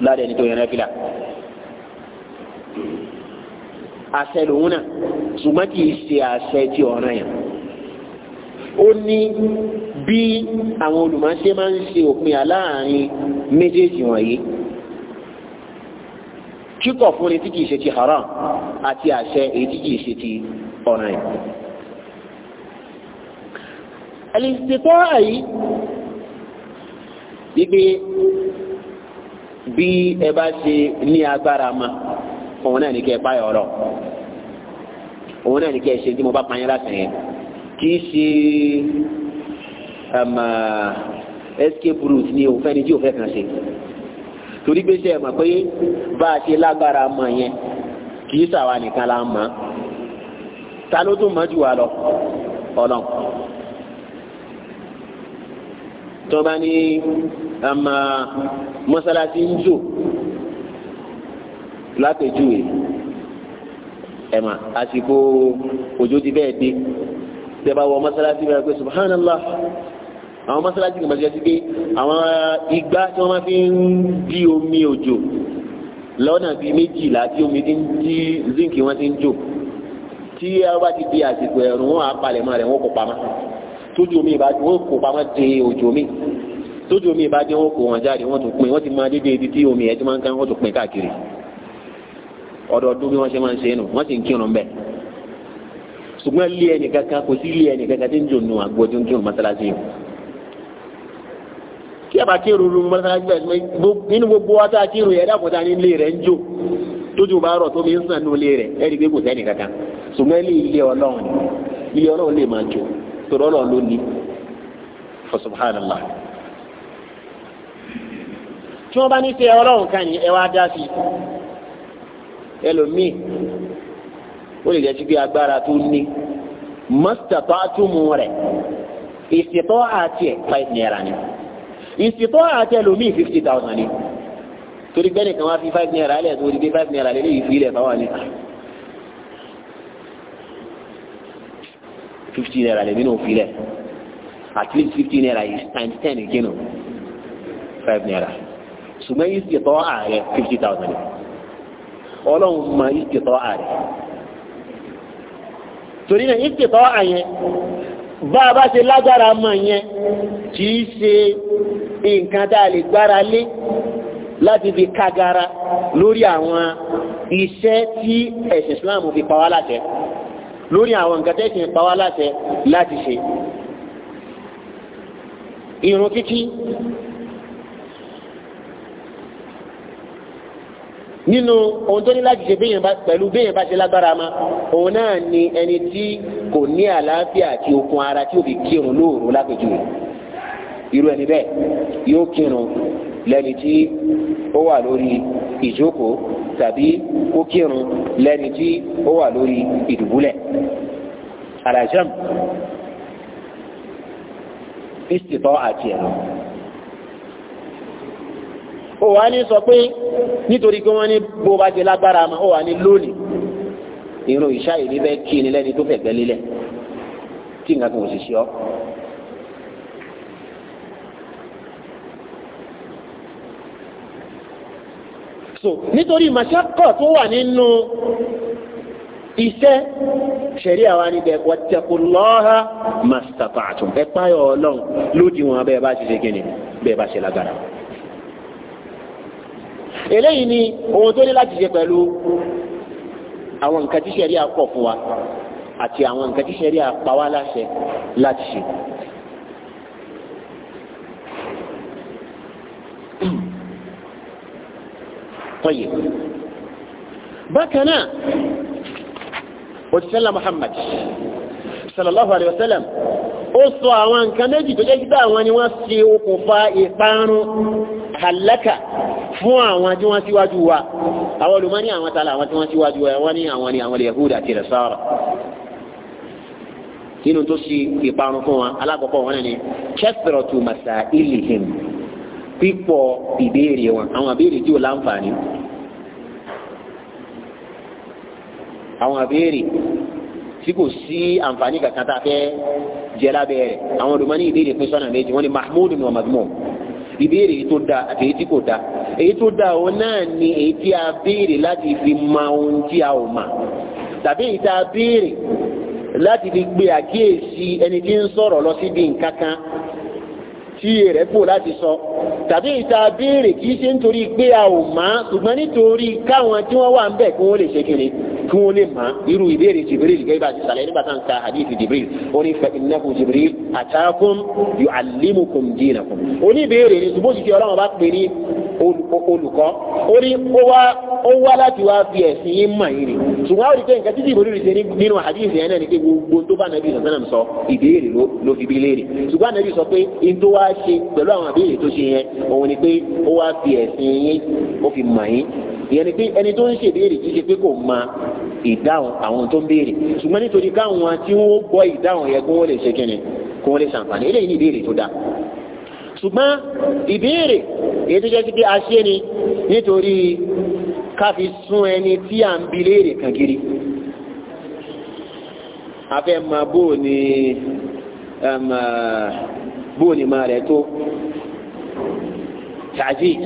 ládàá ẹni tó yan náfìlà àṣẹ sumati náà ṣùgbọ́n kì í ṣe àṣẹ ti ọ̀ràn yẹn ó ní bí àwọn olùmọ̀ọ́sẹ́ máa ń ṣe òpin àláàrin méjèèjì wọ̀nyí kíkọ̀ fún ni tí kìí ṣe ti haram àti àṣẹ èyí tí kìí ṣe ti ọ̀ràn yẹn. ẹ̀lìsìtìkọ́ àyí gbígbé bí ẹ bá ṣe ní agbára ma òun náà ní kẹ́ ẹ páyọ̀ ọ̀rọ̀ òun náà ní kẹ́ ẹ ṣe tí mo bá pa yín láti yẹn kì í ṣe escape route ni òun fẹ́ni tí òun fẹ́ kàn ṣe torí pé ṣe ẹ̀ mọ̀ pé bá a ṣe lágbára mọ̀ yẹn kì í ṣàwa nìkan la mọ̀ ta ló tún mọ̀ jù wá lọ ọlọ́n tó bá ní mọ́sálásí ń jò lápèjúwe ẹ̀mà àsìkò òjò ti bẹ́ẹ̀ dé tẹ́bà wọ mọ́sálásí bẹ́ẹ̀ pé subhanallah àwọn mọ́sálásí kìí mọ́sálásí pé àwọn igbá tí wọ́n máa fi ń di omi òjò lọ́nà bíi méjìlá tí omi ti ń di zinc wọ́n ti ń jò tí a bá ti di àsìkò ẹ̀rùn wọn àpalẹ̀mọ́ rẹ̀ wọ́n kó pamọ́ tójú omi ìbá wọn kó pamọ́ de òjò mi tójú omi ìbá dé wọn kó wọn jáde wọn tún pin wọn ti máa dédé ibi tí omi ẹ̀ ti máa ń kán wọn tún pin káàkiri ọdọọdún bí wọ́n ṣe máa ń ṣe é nù wọ́n sì ń kírun bẹ́ẹ̀ ṣùgbọ́n ilé ẹnìkan kan kò sí ilé ẹnìkan kan tí ń dùn nù àgbo tí ń kírun mọ́sálásí o kí a bá kírun ru mọ́sálásí bẹ́ẹ̀ nínú gbogbo wa tá a kírun yẹn dàpọ̀ tá a ní ilé rẹ̀ ń jò tójú bá rọ̀ tómi ń sàn nù ilé rẹ̀ ẹ̀rí pé kò sẹ́ni kankan ṣùgbọ́n ilé ilé ọlọ́run ilé ọlọ́run lè máa jò tòrọ́ ọlọ́run ló ní fọ̀sùbhánàlá tí wọ́n bá ní ṣe ọlọ́run kan ní ẹ wá dá sí i ẹlòmíì ó lè jẹ́ sí pé agbára tó ní mọ́sítàtọ́ àtúmù rẹ̀ ìsìtọ́ àti ẹ̀ five naira ni ìsìtọ́ àti ẹlòmíì fifty thousand ni torí gbẹ́ni kan wá fi five naira lẹ̀ tó di pé five naira lélẹ́yìí fi ilẹ̀ fáwọn níta. fifty naira lèmi náà fi lẹ̀ at least fifty naira is times ten again o five naira ṣùgbọ́n ìsìtọ́ ààrẹ fifty thousand ni ọlọ́run ma ìkìtọ́ àrẹ torí náà ìkìtọ́ àyẹn bá a bá ṣe lágbára mọ̀ yẹn kì í ṣe nǹkan tá a lè gbára lé láti fi kagara lórí àwọn iṣẹ́ tí ẹ̀sìn Islam fi pa wá lórí àwọn nǹkan tẹ́sìn pa wá láṣẹ láti ṣe irun kíkí nínú ohun tó ní láti ṣe béèyàn bá pẹ̀lú béèyàn bá ṣe lágbára ma òun náà ni ẹni tí kò ní àlàáfíà àti okun ara tí ó fi kírun lóòrò lápèjúwe irú ẹni bẹ́ẹ̀ yóò kírun lẹ́ni tí ó wà lórí ìjókòó tàbí ó kírun lẹ́ni tí ó wà lórí ìdùbúlẹ̀ alajam istitọ́ àti ẹ̀rọ ó wà ní sọ pé nítorí pé wọ́n ní bó bá jẹ lágbára ma ó wà ní lónìí irun ìṣá yìí níbẹ̀ kí ni lẹ́ni tó fẹ̀gbẹ́ lélẹ̀ tí nǹkan kan ò sì ṣe ọ́. so nítorí màṣákọ̀ tó wà nínú iṣẹ́ ṣẹ̀rí àwa níbẹ̀ wattaqullaha mastata'tum ẹ páyọ̀ ọlọ́run lódiwọ̀n abẹ́ bá ṣe ṣe kí ni bẹ́ẹ̀ bá ṣe lágbára eléyìí ni ohun tó ní láti ṣe pẹ̀lú àwọn nǹkan tí sẹ́rí àpọ̀ fún wa àti àwọn nǹkan tí sẹ́rí àpá wa láṣẹ láti ṣe. tọ́yẹ̀ bákan náà òṣìṣẹ́lá Muhammad sallallahu alayhi wa sallam ó sọ àwọn nǹkan méjì tó jẹ́ títà àwọn ni wọ́n ṣe okùnfà ìparun halaka fún àwọn tí wọ́n síwájú wa àwọn olùmọ́ ní àwọn tààlà àwọn tí wọ́n síwájú wa wọ́n ní àwọn ni àwọn yahuda àti nasara nínú tó ṣe ìparun fún wa alákọ̀ọ́kọ́ wọn ni kẹsìrọ̀tù masa ilihim pípọ̀ ìbéèrè tí kò sí àǹfààní kankan tá a fẹ́ jẹ lábẹ́ rẹ̀ àwọn olùmọ̀ ní ìbéèrè pín sọ́nà méjì wọ́n ní mahmud ní ọmọdúnmọ́ ìbéèrè tó da àti èyí tí kò da èyí tó da òun náà ni èyí tí a béèrè láti fi mọ ohun tí a ò mà tàbí èyí tá a béèrè láti fi gbé àkíyèsí ẹni tí ń sọ̀rọ̀ lọ síbi nǹkan kan tí rẹ̀ pò láti sọ tàbí ìta béèrè kìí ṣe nítorí pé a ò máa ṣùgbọ́n nítorí káwọn tí wọ́n wà ń bẹ̀ kí wọ́n lè ṣe kiri kí wọ́n lè mọ̀ irú ìbéèrè jibril gẹ́gẹ́ bá ti sàlẹ̀ nígbà tán ka hadithi jibril ó ní fa innahu jibril atakum yuallimukum dinakum ó ní ìbéèrè ní ṣùgbọ́n ṣiṣẹ́ ọlọ́run bá pè ní olùkọ́ ó ní ó wá láti wá fi ẹ̀sìn yín mọ̀ yín ni ṣùgbọ́n àwọn ìṣe nǹkan tí jibril ṣe nínú hadithi yẹn náà ni pé gbogbo tó bá nàbí sọ̀tàn sọ ìbéèrè ló fi bí léèrè ṣùgbọ́n nàbí ìyẹn ni pé ẹni tó ń ṣèbéèrè kì í ṣe pé kò máa ìdáhùn àwọn tó ń béèrè ṣùgbọ́n nítorí káwọn tí wọ́n gbọ́ ìdáhùn yẹn kó wọ́n lè ṣe kíni kó wọ́n lè ṣàǹfààní eléyìí ní ìbéèrè tó dáa ṣùgbọ́n ìbéèrè èyí tó jẹ́ sí pé a ṣe ni nítorí ká fi sún ẹni tí à ń bi léèrè kan kiri afẹ́ ma bóò ni ma rẹ̀ tó taziz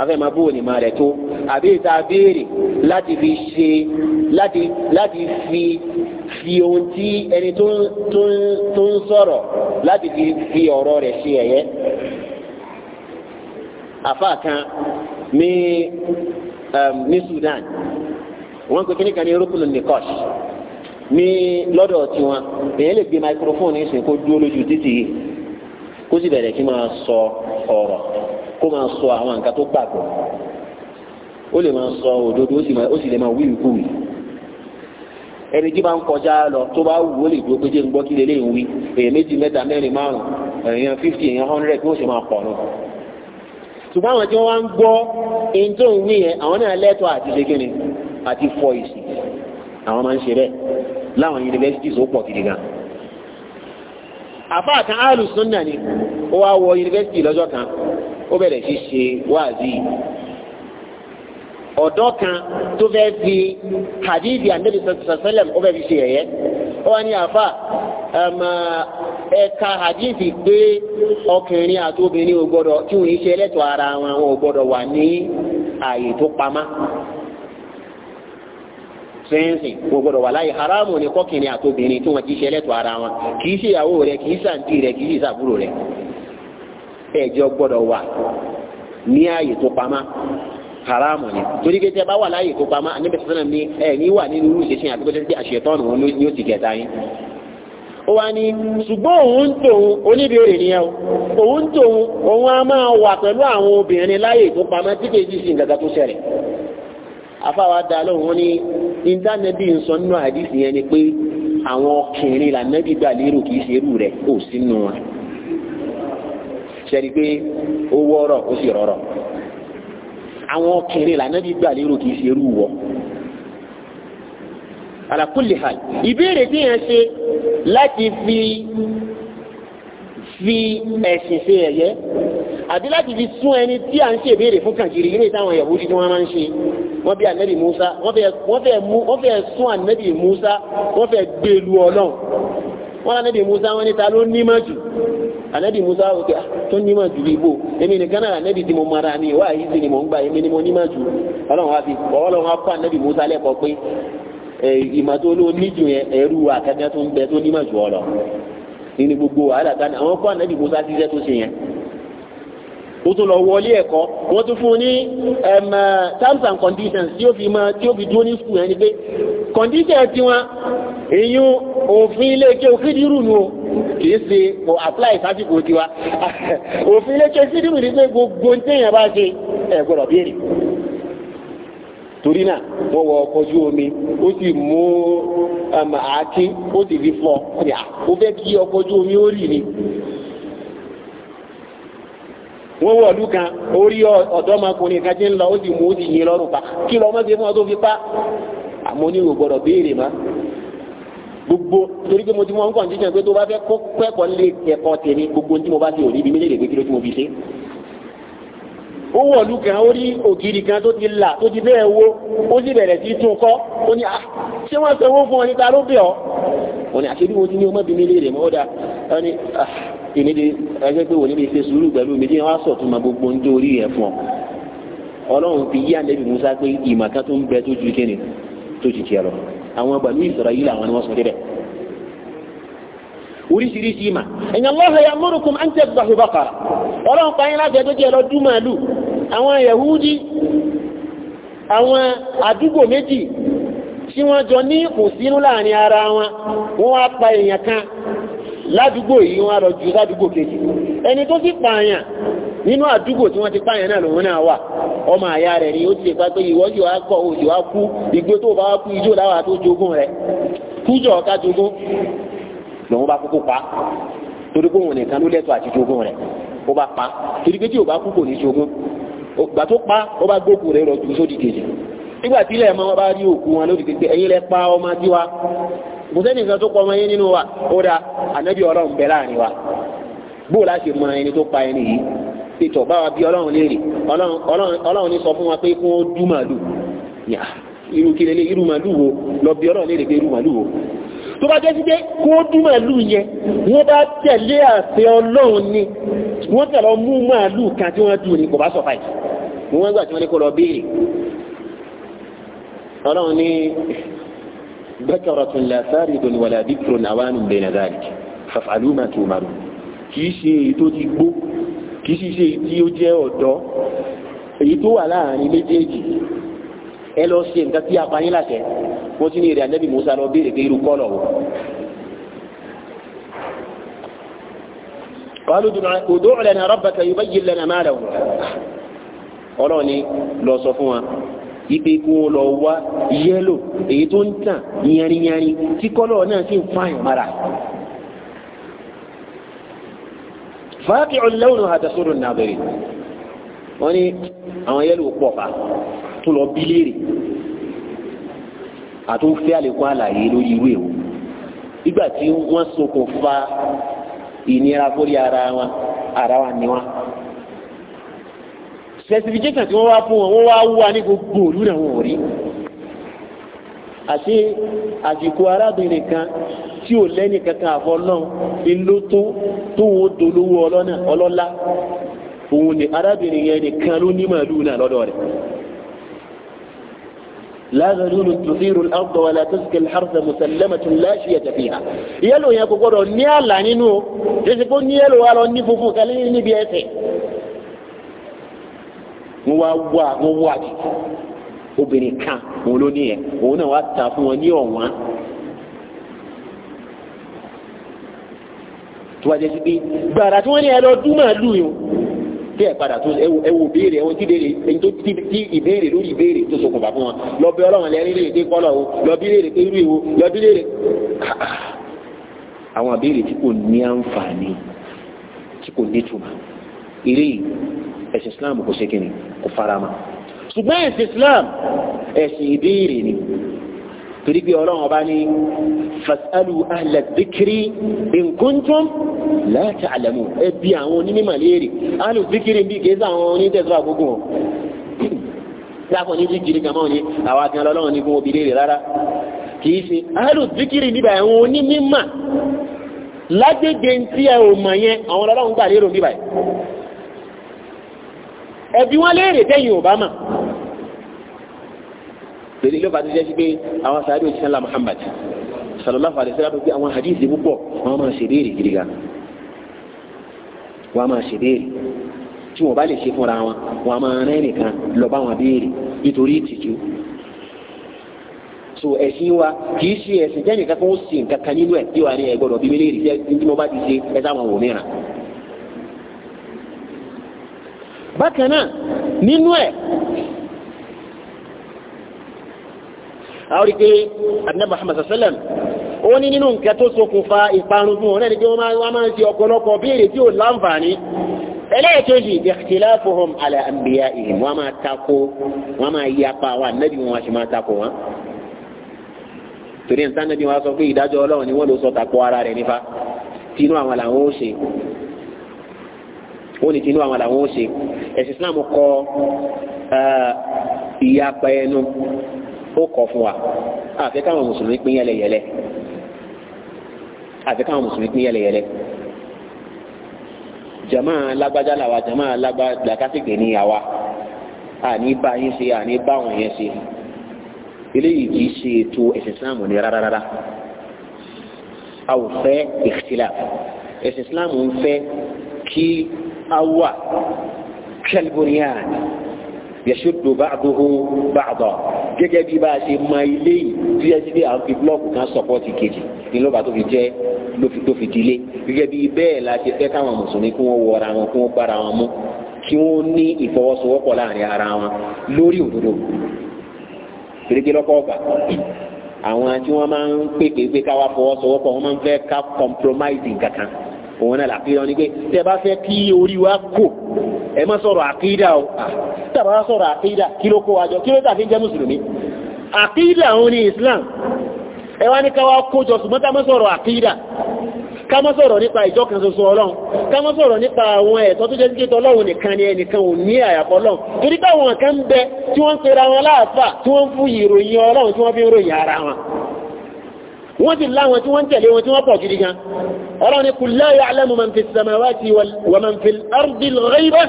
afẹ́ ma bóò ma rẹ̀ tó àbí ìta béèrè láti fi ṣe láti láti fi fi ohun tí ẹni tó ń tó ń tó ń sọ̀rọ̀ láti fi fi ọ̀rọ̀ rẹ̀ ṣe ẹ̀yẹ. àfa kan ní um, ní Sudan wọ́n pe kíníkan ní rúkúlù nìkọ́ṣ ní lọ́dọ̀ tiwọn èèyàn lè gbé microphone ní sìn kó dúró lójú títì kó sì bẹ̀rẹ̀ kí máa sọ ọ̀rọ̀ kó máa sọ àwọn nǹkan tó gbàgbọ́ ó lè máa sọ òdodo ó sì lè máa wí ìkú mi ẹni tí bá ń kọjá lọ tó bá wù ó lè dúró pé jẹ́ ń gbọ́ kí lélẹ́ ìwí èèyàn méjì mẹ́ta mẹ́rin márùn èèyàn fifty èèyàn hundred bí ó ṣe máa pọ̀ náà ṣùgbọ́n àwọn tí wọ́n wá ń gbọ́ ẹni tó ń wí yẹn àwọn náà lẹ́tọ̀ọ́ àti ṣe kíni àti fọ èsì àwọn máa ń ṣe bẹ́ẹ̀ láwọn yunifásitì ó pọ̀ gidi gan àbá àtàn áàlù sunna ni ó wá wọ yunifásitì lọ́jọ́ kan ó bẹ̀rẹ̀ sí ṣe wáàzí ọ̀dọ́ kan tó fẹ́ fi hadithi anabi sallam ó fẹ́ fi ṣe ẹ̀yẹ ó wá ní àfà ẹ̀ka hadithi pé ọkùnrin àti obìnrin ò tí wọ́n ṣe ẹlẹ́tọ̀ ara wọn wọn ò wà ní ààyè tó pamá haramu ni àti obìnrin tí wọ́n ti ṣe ẹlẹ́tọ̀ ara wọn kì í ṣe ìyàwó kì í haramu ni torí pé a bá wà láàyè kópa má níbi sọ́nà ní ẹ ní wà nínú irú àti pẹ́tẹ́ tí àṣetọ́nù òun ni ó ti kẹta yín. ó wá ní ṣùgbọ́n òun tòun oníbèrè nìyẹn o òun tòun òun á máa wà pẹ̀lú àwọn obìnrin láàyè tó pamọ́ tí kejì sí nǹkan tó ṣẹlẹ̀ afáwa dá lóhun ní ìdánẹ́bí ń sọ nínú ni pé àwọn ọkùnrin lànàbí gbà lérò kì ṣe kò sínú wọn pé ó àwọn ọkùnrin lànàbí gbà lérò kì í ṣe irú wọ. àlàkùnlé ha ìbéèrè tí yẹn ṣe láti fi fi ẹ̀sìn ṣe ẹ̀yẹ àti láti fi sún ẹni tí à ń ṣe ìbéèrè fún kàǹkiri ilé táwọn ẹ̀yàwó tí wọ́n máa ń ṣe wọ́n bí ànábì Musa wọ́n fẹ́ sún ànábì Musa wọ́n fẹ́ gbé lu Ọlọ́run wọ́n anábì musa wọ́n ní ta ló ní mọ́ jù anábì musa wọ́n kí ah, tó ní mọ́ jù bí bò èmi nìkan náà anábì tí mo mara mi wá yìí sì ni mò ń gbà èmi ni mo ní mọ́ jù ọlọ́run wá fi ọlọ́run wá kọ́ anábì musa lẹ́kọ̀ọ́ pé ìmọ̀ tó ló ní jù yẹn ẹ̀rú akẹ́kẹ́ tó ń bẹ tó ní mọ́ jù ọ lọ nínú gbogbo wàhálà tán àwọn kọ́ anábì musa ti ó tó lọ wọlé ẹ̀kọ́ wọ́n tún fún ní eh, terms and conditions tí ó fi máa tí ó fi dúró ní school ẹni pé conditions tí wọ́n èyí òfin ilé ike òfin dírù nù kìí ṣe mo apply sásìkò tiwa *laughs* òfin ilé ike sí dírù ní pé gbogbo téèyàn bá ṣe ẹ gbọ́dọ̀ béèrè torí náà wọ́n wọ ọkọ̀ ojú omi ó sì mú àáké ó sì fi fọ́ ó fẹ́ kí ọkọ̀ ojú omi ó rì ni wọ́n wọ̀ ọdún kan orí ọ̀dọ́mọkùnrin kan ti ń lọ ó sì mú ó sì yin lọ́rùn pa kí lọ́mọ ṣe fún ọ fi pa àmọ́ onírò gbọ́dọ̀ béèrè gbogbo torí pé mo ti mọ ń kọ̀ǹtíṣàn pé tó bá fẹ́ gbogbo tí mo bá ti ibi pé kí ló mo fi ó wọ̀ lú kan ó rí ògiri kan tó ti là tó ti bẹ́ẹ̀ wó ó sì bẹ̀rẹ̀ sí tún kọ́ ó ní ah, ṣé wọ́n sanwó fún ọ níta ló bẹ̀ ọ́ ó ní àṣírí wọn ti ní ọmọbìnrin lè rè mọ́ dá ó ní ah, ẹgbẹ́ pé wò ní ṣe sùúrù pẹ̀lú mi tí wọ́n á ma gbogbo ń dórí ẹ̀ fún ọ ọlọ́run fi yí ànẹ́bì Musa pé ìmọ̀ kan tó ń bẹ tó ju kíni tó ti tiẹ̀ lọ àwọn bàlú Ísírẹ́lì àwọn ni wọ́n sọ débẹ̀ oríṣiríṣi ìmà ẹ̀yìn Allahu ya'murukum an tadhbahu baqara ọlọ́run pa yín láti ẹgbẹ́jẹ́ lọ dú àwọn àwọn àdúgbò méjì tí wọ́n jọ ní láàrin ara wọn wọ́n wá pa èèyàn kan ládùúgbò yìí wọ́n lọ jù ládùúgbò kejì ẹni tó sì pààyàn nínú àdúgbò tí wọ́n ti pààyàn náà lòun náà wà ọmọ àyà rẹ̀ ni ó ti pé wá wá kú ìgbé tó bá wá kú ijó láwà tó jogún rẹ̀ ká jogún lòun bá kúkú pa torí pé òun nìkan ló lẹ́tọ̀ọ́ àti jogún rẹ̀ ó bá pa torí pé tí ò bá kú ní jogún ògbà tó pa ó bá gbókù rẹ̀ rọ̀jù sódì kejì nígbà tí ilẹ̀ máa bá rí òkú wọn lódì kejì ẹ̀yin lẹ pa ọmọ tí wa kò sẹ́ni nǹkan tó kọ ọmọ yín nínú wa ó dáa ànábì ọlọ́run bẹ láàrin wa bó la mọ ẹni tó pa ẹni yìí ètò báwa bí ọlọ́run léèrè ọlọ́run ní sọ fún wa pé kí wọ́n dú màlúù irú kí lélẹ́ irú màlúù wo lọ bí ọlọ́run léèrè pé irú màlúù wo tó bá jẹ́ sí pé kó dún màálù yẹn wọ́n bá tẹ̀lé àṣẹ ọlọ́run ni wọ́n tẹ̀lọ mú màálù kan tí wọ́n dùn ní kò bá sọ̀fà yìí mo wọ́n gbà tí wọ́n ní kó lọ béèrè ọlọ́run ní bakaratun la saridun wala bikrun awanun bayna dhalik faf'alu ma tu'maru kìí ṣe èyí tó ti gbó kìí ṣe èyí tí ó jẹ́ ọ̀dọ́ èyí tó wà láàrin méjèèjì ẹ lọ ṣe nǹkan tí a pa yín láṣẹ wọ́n ti ní èrè anabi musa lọ béèrè pé irú kọ́lọ̀ wò. qalu ud'u lana rabbaka yubayyin lana ma lahu ọlọ́ọ̀ni lọ sọ fún wa ipe kí wọ́n lọ wá yẹ́lò èyí tó ń tàn yanriyanri tí kọ́lọ̀ náà sì ń fààyàn mara. faqi'u lawnuha tasurru an-nadirin wọ́n ní àwọn yẹ́lò pọ̀ pa tó lọ bí léèrè àtúnfẹ́ àlékún àlàyé lórí irú èwo nígbà tí wọ́n ṣokùnfà ìnira fórí ara wọn ara wa ni wọn. specification tí wọ́n wá fún wọn wọ́n wá wá ní gbogbo òlú náà wọ́n rí àti àsìkò arábìnrin kan tí ò lẹ́ni kankan àfọ náà ló tó tó wọn dolówó ọlọ́lá òun ni arábìnrin yẹn nìkan ló ní màálù náà lọ́dọ̀ rẹ̀ la ghanun tuthiru al-ard wa la tasqi al-harth musallamatun la shiyata fiha yellow yẹn kò gbọdọ̀ ní àlà nínú o jẹ́sí kó ní yellow wa lọ ní funfun kálí níbi ẹsẹ̀ mo wá wá mo wá di obìnrin kan òun ló ní yẹn òun náà wá ta fún wọn ní ọ̀wọ́n. tó bá jẹ́ sí pé gbàrà tí wọ́n ní ẹ lọ dún màálù yìí tí ẹ padà tó ẹ wò béèrè ẹwọ tí béèrè èyí tó ti ìbéèrè lórí ìbéèrè tó ṣokùnfà fún wọn lọ bẹ ọlọ́run lẹ́rìí lè dé kọ́lọ̀ o lọ bí lè dé irú ìwo lọ bí lè dé. àwọn àbéèrè tí kò ní àǹfààní tí kò ní tuma eré ẹ̀sìn Islam kò ṣe kí ni kò farama ṣùgbọ́n ẹ̀sìn Islam ẹ̀sìn ìbéèrè ni torí pé ọlọ́run ọba ní fasalu ahla zikiri in kuntum la ta'lamun ẹ bí àwọn onímọ̀ léèrè ahlu zikiri bí kìí sá àwọn onítẹ̀sọ́ àkókò wọn láàpọ̀ ní zikiri kan mọ́ ni àwọn akẹ́kọ̀ọ́ ọlọ́run ní fún obìnrin rẹ̀ rárá kìí ṣe ahlu zikiri níbà àwọn onímọ̀ lágbègbè tí ẹ ò mọ̀ yẹn àwọn ọlọ́run gbà lérò níbà ẹbí wọn léèrè tẹ́yìn ò mọ̀ kèfèrí ló bá ti jẹ́ pé àwọn sáré òjíṣẹ́ ńlá Muhammad sallallahu alayhi wa sallam pé àwọn hadithi púpọ̀ wọ́n máa ṣe béèrè gidi gan wọ́n máa ṣe béèrè tí wọ́n bá lè ṣe fúnra wọn wọ́n máa rẹ́ nìkan lọ bá wọn béèrè nítorí ìtìjú so ẹ̀sìn wa kì í ṣe ẹ̀sìn jẹ́ nìkan kó sìn kankan nínú ẹ̀ tí wàá ní ẹ̀ gbọ́dọ̀ bí mi léèrè jẹ́ tí mo bá ti ṣe ẹ sáwọn wò mìíràn bákan náà nínú ẹ̀ àwọn ìpé àdínà Muhammad sallam ó ní nínú nǹkan tó ṣokùnfà ìparun fún ọ̀rẹ́ ni pé wọ́n máa ń ṣe ọ̀pọ̀lọpọ̀ béèrè tí ó láǹfààní ẹlẹ́ẹ̀kejì ikhtilafuhum ala anbiya'ihim wọ́n máa tako wọ́n máa àwọn àwọn làwọn ó Islam kọ ìyapa ó kọ́ fún wa àfi káwọn mùsùlùmí pín yẹlẹyẹlẹ àfi káwọn mùsùlùmí pín yẹlẹyẹlẹ jama lágbájá làwa jama lágbájá kásìkè ní àwa àní bá yín ṣe àní bá wọn yẹn ṣe eléyìí kì í ṣe ètò ẹ̀sìn Islam ní rárára a ò fẹ́ ìkìlá ẹ̀sìn ń fẹ́ kí a wà kẹlbóníyàn yẹsùdù báàdùhù báàdà gẹ́gẹ́ bí bá a ṣe máa ilé yìí tí yẹn ti bí àwọn bílọọkù kan sọpọtì kejì ní lọba tó fi jẹ ló fi dilé gẹ́gẹ́ bí bẹ́ẹ̀ la ṣe fẹ́ káwọn mùsùlùmí kí wọn wọra wọn kí wọn gbára wọn mú kí wọn ní ìfọwọ́sowọ́pọ̀ láàrin ara wọn lórí òdodo pèrèké lọ́kọ́ ọgbà àwọn tí wọ́n máa ń pèpè pé káwá fọwọ́sowọ́pọ̀ wọ́n máa ń fẹ́ ká compromising kankan òun náà làpẹ́ wọn ni pé tẹ́ bá fẹ́ kí orí wa kò ẹ má sọ̀rọ̀ àkídà o ah, tàbá sọ̀rọ̀ àkídà kí ló kó wa jọ kí ló tàbí jẹ́ mùsùlùmí àkídà òun ni islam ẹ wá ní ká wá kójọ ṣùgbọ́n ká má sọ̀rọ̀ àkídà ká má sọ̀rọ̀ nípa ìjọ kan ṣoṣo ọlọ́run ká má sọ̀rọ̀ nípa àwọn ẹ̀tọ́ tó jẹ́ títí ọlọ́run nìkan ni ẹnìkan ò ní àyàfọ́ ọlọ́run torí àwọn kan bẹ tí wọ́n ń pera wọn láàfà tí wọ́n fún ìròyìn ọlọ́run tí wọ́n fi ń ròyìn ara wọn wọ́n ti láwọn tí wọ́n tẹ̀lé wọn tí wọ́n pọ̀ gidi gan ọ̀rọ̀ ni kul la ya'lamu man fi samawati wa man fi al-ardi al-ghayba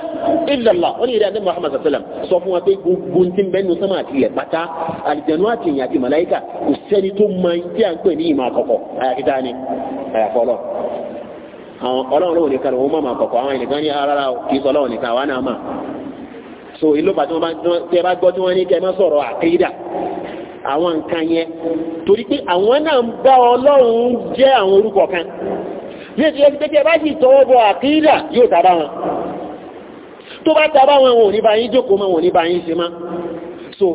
illa Allah wọ́n ni ìrẹ́ àti Muhammad sallam sọ fún wa pé gbogbo tí ń bẹnu sánmà àti ilẹ̀ pátá àlìjẹ̀nú àti ìyìn àti màláíkà kò sẹ́ni tó mọ tí à ń pè ní ìmọ̀ àkọ́kọ́ àyàkítá ni àyàfọ́lọ́ ọlọ́run lóhùn ní ara àwọn nǹkan yẹn torí pé àwọn náà ń bá ọlọ́run jẹ́ àwọn orúkọ kan ní ètò yẹn pé bá sì tọwọ́ bọ àkídà yóò tàbá wọn tó bá tàbá wọn wọn ò ní bá yín jókòó mọ́ wọn ò ní bá yín ṣe mọ́ so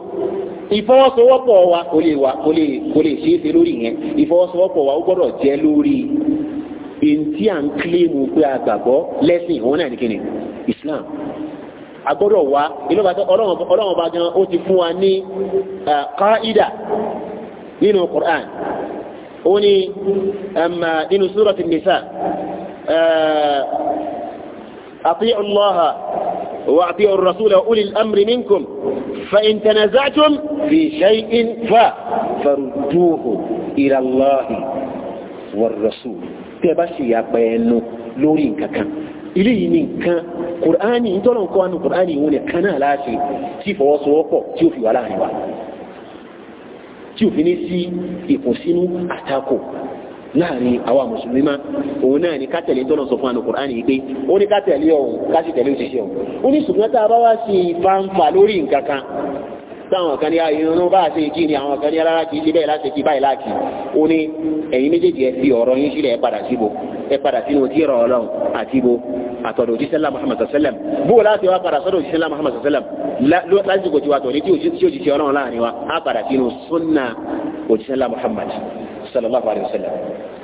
ìfọwọ́sowọ́pọ̀ wa kò lè wa kò lè kò lè ṣeé ṣe lórí yẹn ìfọwọ́sowọ́pọ̀ wa ó gbọ́dọ̀ jẹ́ lórí èyí tí à ń kílèmù pé àgbàgbọ́ lẹ́sìn òun náà ní kíni Islam agbọ́dọ̀ wá ìlú bàtà ọlọ́wọ́n bá gan ó ti fún wa ní káídà nínú Qur'an ó ní nínú súrọ̀tì nìsà أطيعوا الله وأطيعوا الرسول وأولي الأمر منكم فإن تنازعتم في شيء ف فردوه إلى الله والرسول تبشي يا بينو لورين ككم ilé yìí nìkan kùránì ìtọ́lọ̀ nǹkan wánú kùránì ìwọ̀n nìkan náà láti tí fọwọ́sowọ́pọ̀ tí ó fi wà láàrin wa tí ò fi ní sí ìkùnsínú àtakò láàrin àwa mùsùlùmí ma òun náà ni ká tẹ̀lé ìtọ́lọ̀ sọ fún àánú kùránì yìí pé ó ní ká ọ̀hún ká òṣìṣẹ́ ọ̀hún ó ní ṣùgbọ́n tá a bá wá sí fanfa lórí nǹkan kan pé àwọn kan ní ah, irun bá a ṣe kí ni àwọn kan ní rárá kì í ṣe bẹ́ẹ̀ láti kí báyìí láàkì ó ní ẹ̀yin méjèèjì ẹ fi ọ̀rọ̀ yín sílẹ̀ ẹ padà síbo ẹ padà sínú tí ìrọ̀ ọlọ́run àti ibo àtọ̀dọ̀ òjíṣẹ́ lá Muhammad sallam bó o láti wá padà sọ́dọ̀ òjíṣẹ́ lá Muhammad sallam lásìkò tiwa tọ̀ ní tí òjíṣẹ́ ọlọ́run láàrin wa á padà sínú sunna òjíṣẹ́ lá Muhammad sallallahu alayhi wa sallam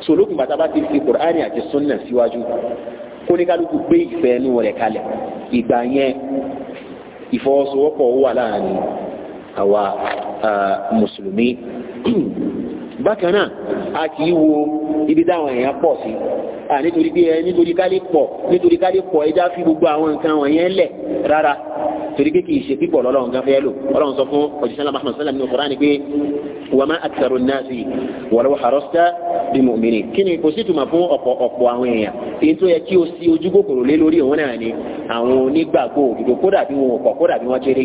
so bàtà bá ti fi Qur'ani àti sunna síwájú kóníkálukú gbé ìfẹ́ inú rẹ̀ kalẹ̀ ìgbà yẹn ìfọwọ́sowọ́pọ̀ wà láàrin àwa uh, mùsùlùmí *clears throat* bákan náà a kì í wo ibi táwọn èèyàn pọ̀ sí à nítorí pé ẹ nítorí kálí pọ̀ nítorí kálí pọ̀ ẹja fi gbogbo àwọn nǹkan wọ̀nyẹn lẹ̀ rárá torí pé kì í ṣe pípọ̀ lọ́lọ́run gan fẹ́ lò ọlọ́run sọ fún òjíṣẹ́ náà Muhammad sallam ní Kùránì pé wa ma aktharun nasi walaw harasta bi mu'minin kí ni kò sí tuma fún ọ̀pọ̀ ọ̀pọ̀ àwọn èèyàn èyí tó yẹ kí o sí ojú lé lórí òun náà ni àwọn onígbàgbọ́ òdodo kódà bí wọn ò kódà bí wọ́n kéré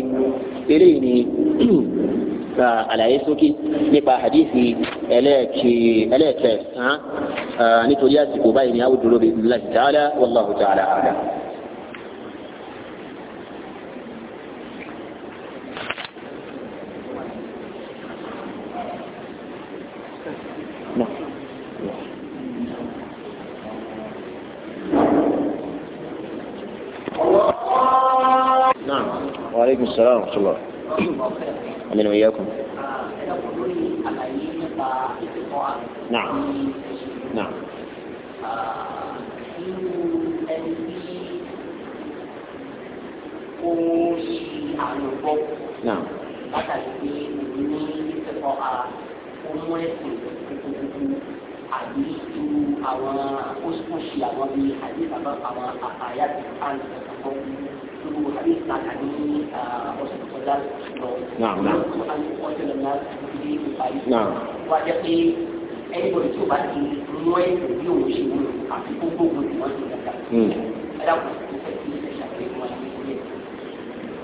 eléyìí ni ka àlàyé sókè nípa hadithi ẹlẹ́ẹ̀kẹsàn-án nítorí àsìkò báyìí ni a ó dúró bíi láti ta'ala wallahu ta'ala a'lam. نعم وعليكم السلام ورحمة الله àmín wa iyyakum. Naam. Nah, Naam. Látàrí الحديث عن نعم رسول الله نعم نعم نعم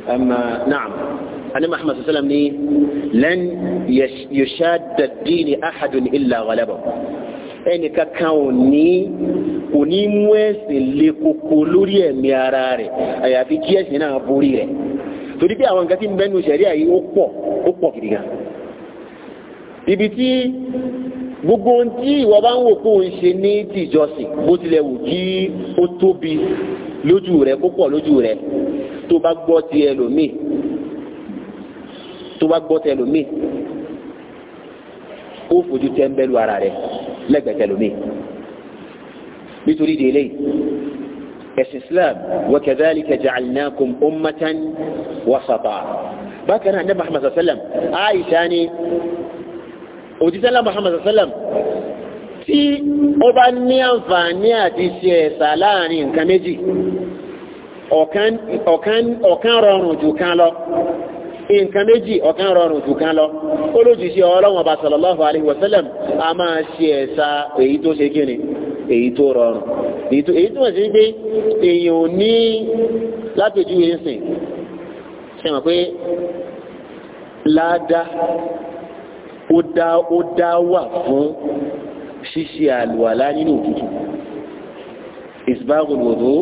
أما نعم النبي محمد صلى الله عليه وسلم لن يشاد الدين أحد إلا غلبه ẹnìkankan يعني ò kò ní mú ẹ̀sìn le koko lórí ẹ̀mí ara rẹ̀ àyàfi kí ẹ̀sìn náà borí rẹ̀ torí pé àwọn nǹkan tí ń bẹ́nu ṣẹ̀ríà yìí ó pọ̀ ó pọ̀ gidi gan ibi tí gbogbo ohun tí ìwọ bá ń wò kó ń ṣe ní tìjọsìn bó tilẹ̀ wù kí ó tóbi lójú rẹ kó pọ̀ lójú rẹ tó bá gbọ́ ti ẹlòmíì tó bá gbọ́ ti ẹlòmíì ó fojú tẹ́ńbẹ́lú ara rẹ lẹ́gbẹ̀ẹ́ tẹlòmíì nítorí délé ẹ̀sìn islam wa kadhalika ja'alnakum ummatan wasata bákan náà ní muhammad sallam aisha ni òjísẹ́lá muhammad sallam tí ó bá ní àǹfààní àti ṣe ẹ̀sà láàrin nǹkan méjì ọ̀kan rọrùn jù kan lọ nǹkan méjì ọ̀kan rọrùn jù kan lọ olójúṣe ọlọ́wọ̀n bá sallallahu alaihi wasallam a máa ṣe ẹ̀sà èyí tó ṣe gíní èyí tó rọrùn èyí tó mọ̀ sí pé èyàn ò ní lápèjúwe ń sìn ṣe mọ̀ pé láàdá ó dá ó dá wà fún ṣíṣe àlùwàlá nínú òtútù ìsìbáàgùn lòdó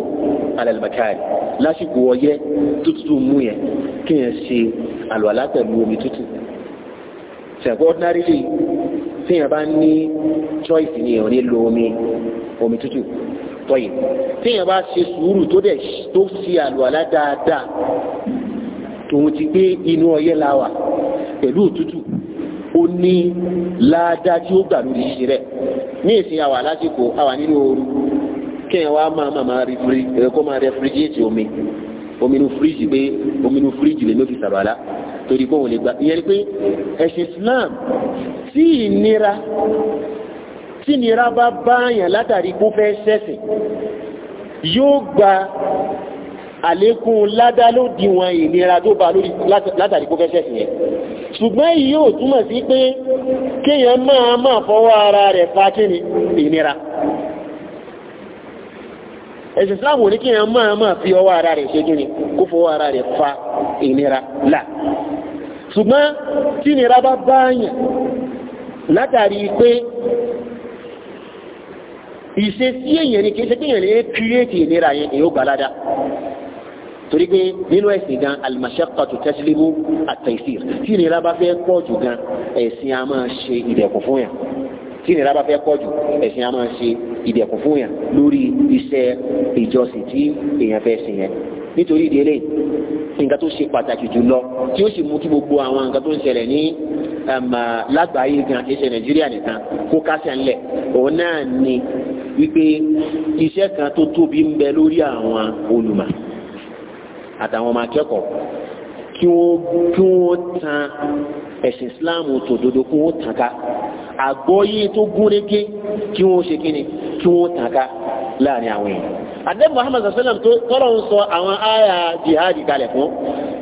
alàlùbàkárì lásìkò ọyẹ́ tó tútù mú yẹn kí yẹn ṣe àlùwàlá pẹ̀lú omi tútù ṣẹ̀kọ́ ordinarily tí yẹn bá ní choice ni èèyàn ní lo omi omi tútù tọ́yìn téèyàn bá ṣe sùúrù tó dẹ̀ tó ṣe àlùwàlá dáadáa tòun ti gbé inú ọyẹ́ la wà pẹ̀lú òtútù ó ní ládàá tí ó gbà lórí ṣíṣe rẹ̀ ní ìsìn àwà lásìkò àwà nínú ooru kéèyàn wá máa máa máa rifiri ẹ̀kọ́ máa rẹfrigiéètì omi omi inú fíríjì pé omi inú fíríjì lè ló fi sàbàlá torí pé òun lè gbà ìyẹn ni pé ẹ̀sìn Islam tí ìnira tí nira bá báyàn látàrí kó fẹ́ ṣẹ̀sìn yóò gba àlékún ládá ló dìwọ̀n ìnira tó bá lórí látàrí kó fẹ́ ṣẹ̀sìn yẹn ṣùgbọ́n èyí yóò túmọ̀ sí pé kéèyàn máa máa fọwọ́ ara rẹ̀ fa kíni ìnira ẹ̀sìn Islam ní kí ẹ̀yàn máa máa látàrí pé ìṣe sí èèyàn ni kì í ṣe kéèyàn lè kírètì ìlera yẹn èèyàn gbalada torí pé nínú ẹ̀sìn gan al-mashaqqatu tajlibu at-taysir tí ìnira bá fẹ́ pọ̀ jù gan ẹ̀sìn a máa ṣe ìdẹ̀kùn fún yàn tí ìnira bá fẹ́ pọ̀ jù ẹ̀sìn a máa ṣe ìdẹ̀kùn fún yàn lórí iṣẹ́ ìjọsìn tí èèyàn fẹ́ sìn yẹn nítorí ìdílé nǹkan tó ṣe pàtàkì jùlọ tí ó sì mú kí gbogbo àwọn nǹkan tó ń ṣẹlẹ̀ ní um, lágbàáyé gan kì Nàìjíríà nìkan kó kásẹ̀ ńlẹ̀ òun náà ni wípé iṣẹ́ kan tó tóbi ń bẹ lórí àwọn olùmọ̀ àtàwọn ọmọ akẹ́kọ̀ọ́ kí wọ́n tan ẹ̀sìn Islam tòdodo kí wọ́n tàn ká àgbọ́yé tó gúnrégé kí wọ́n ṣe ni kí wọ́n tàn ká láàrin àwọn èèyàn àdẹ́bù Muhammad sallam tọ́lọ̀ ń sọ àwọn àyà jihadi kalẹ̀ fún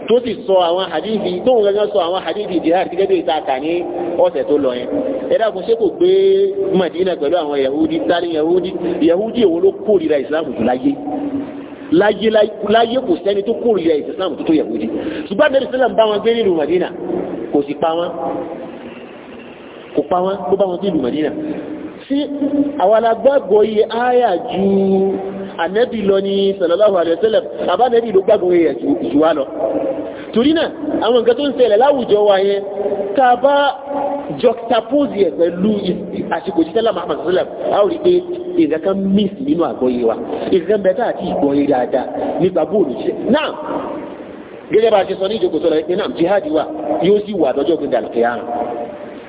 tó sì sọ àwọn hadithi tó ń gẹ́gẹ́ sọ àwọn hadithi jihadi gẹ́gẹ́ bí ìtaàkà ní ọ̀sẹ̀ tó lọ yẹn ẹ̀dá kò ṣe kò gbé Madina pẹ̀lú àwọn Yahudi tani Yahudi Yahudi èwo ló kórìíra Islam jù láyé láyé láyé kò sẹ́ni tó kórìíra Islam tó tó Yahudi ṣùgbọ́n àdẹ́bù sallam bá wọn gbé nínú kò pa wọn kó bá wọn sí ìlú Madina sí àwọn alágbàgbọ́ iye áyà ju ànẹ́bì lọ ní sallallahu alaihi wasallam àbánẹ́bì ló gbàgbọ́ iye jù wá lọ torí náà àwọn nǹkan tó ń ṣẹlẹ̀ láwùjọ wa yẹn ká bá juxtapose ẹ̀ pẹ̀lú àsìkò ìṣẹ́lá Muhammad sallam a ó rí pé nǹkan kan miss nínú àgbọ́yé wa nǹkan bẹ́ẹ̀ tá àti ìgbọ́yé dáadáa nípa bóòlù ṣe náà gẹ́gẹ́ bá a ṣe sọ ní ìjókòó sọ́lá wa yóò sì wà